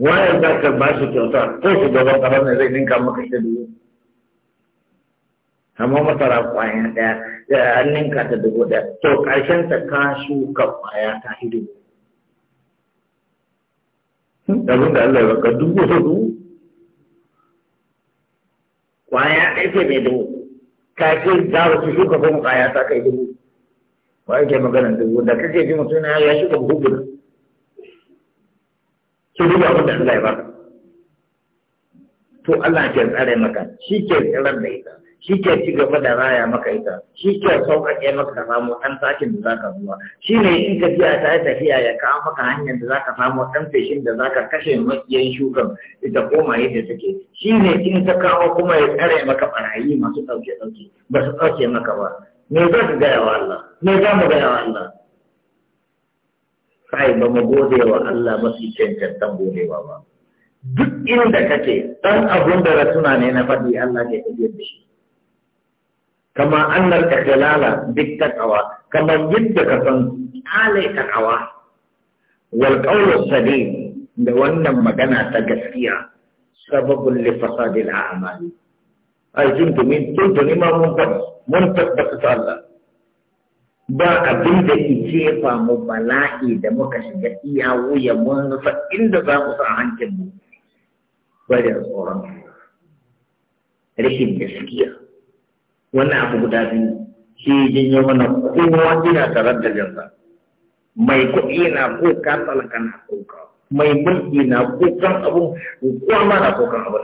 wayar da ka ba shi kyauta ko shugaban ƙasar ne zai ninka maka shi dubu amma masara kwayan ɗaya da an ninka ta dubu ɗaya to ƙarshen ta ka shuka kwaya ta hidu abin da Allah ya baka dubu hudu kwaya ɗaya ce mai dubu ka ce za su shuka kuma kwaya ta kai dubu ba yake maganar dubu da kake ji mutum ya shuka buhu guda to duk abin da Allah ya baka to Allah ke tsare maka shi ke tsirar da ita shi ke ci gaba da raya maka ita shi ke sauƙaƙe maka ka samu ɗan sakin da zaka zuwa shi ne in ka biya ta tafiya ya kawo maka hanyar da zaka samu ɗan feshin da zaka kashe maƙiyan shukan ita koma yadda take shi ne in ka kawo kuma ya tsare maka barayi masu ɗauke ɗauke ba su ɗauke maka ba me za ka gaya wa Allah me za mu gaya wa Allah kai ba mu gode wa Allah mafi cancantan godewa ba duk inda kake dan abun da rasuna ne na faɗi Allah ke tafiyar da shi kama annar duk bit kawa, kama yadda ka san alai taqwa wal qawlu sadid da wannan magana ta gaskiya sababin li fasadil a'mali ai tuntuni tuntuni ma mun mun tabbata Allah ba abin da ke jefa mu bala'i da muka shiga iya wuya mun rufa inda za mu sa hankin mu bari tsoron rashin gaskiya wannan abu guda biyu shi janyo mana kowa ina tarar da jansa mai kuɗi na ko talaka na kuka mai mulki na kukan abun kowa ma na kukan abu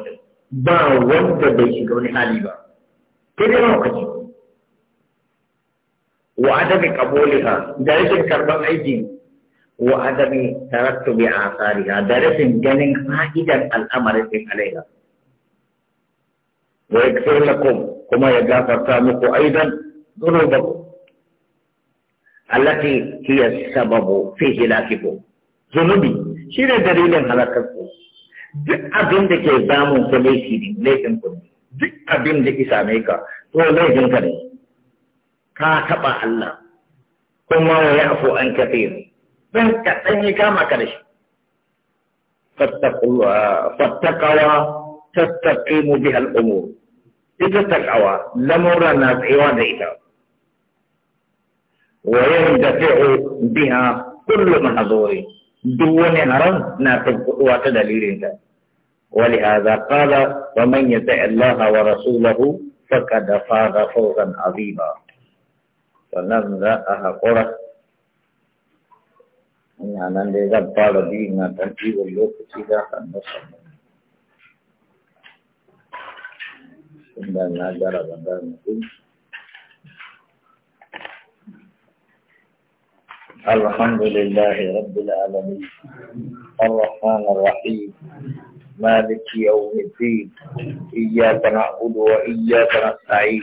ba wanda bai shiga wani hali ba sai dai ma lokaci wa adami qabuliha da rashin karban aiki wa adami tarattubi asariha da rashin ganin fa'idan al'amarin din alaiha wa yaghfir lakum kuma ya gafarta muku aidan dhunubakum allati hiya sababu fi hilakikum zunubi shine dalilin halakarku duk abin da ke damun ku laifi ne laifin ku duk abin da isa mai ka to laifin ka ne ka Allah kuma wa ya afu an kafir dan kaɗan ya kama ka da shi fattakawa tattaqimu biha al-umur ita takawa lamura na tsaiwa da ita wa yandafi'u biha kullu mahzuri duk wani haram na tabbuwa ta dalilinta ولهذا قال ومن يطع الله ورسوله فقد فاز فوزا عظيما فنم قرى إن أنا لذا بار دينا تنجيب اللوك سيدا فنصر إن ذا ناجر بندر مدين الحمد لله رب العالمين الرحمن الرحيم مالك يوم الدين إياك نعبد وإياك نستعين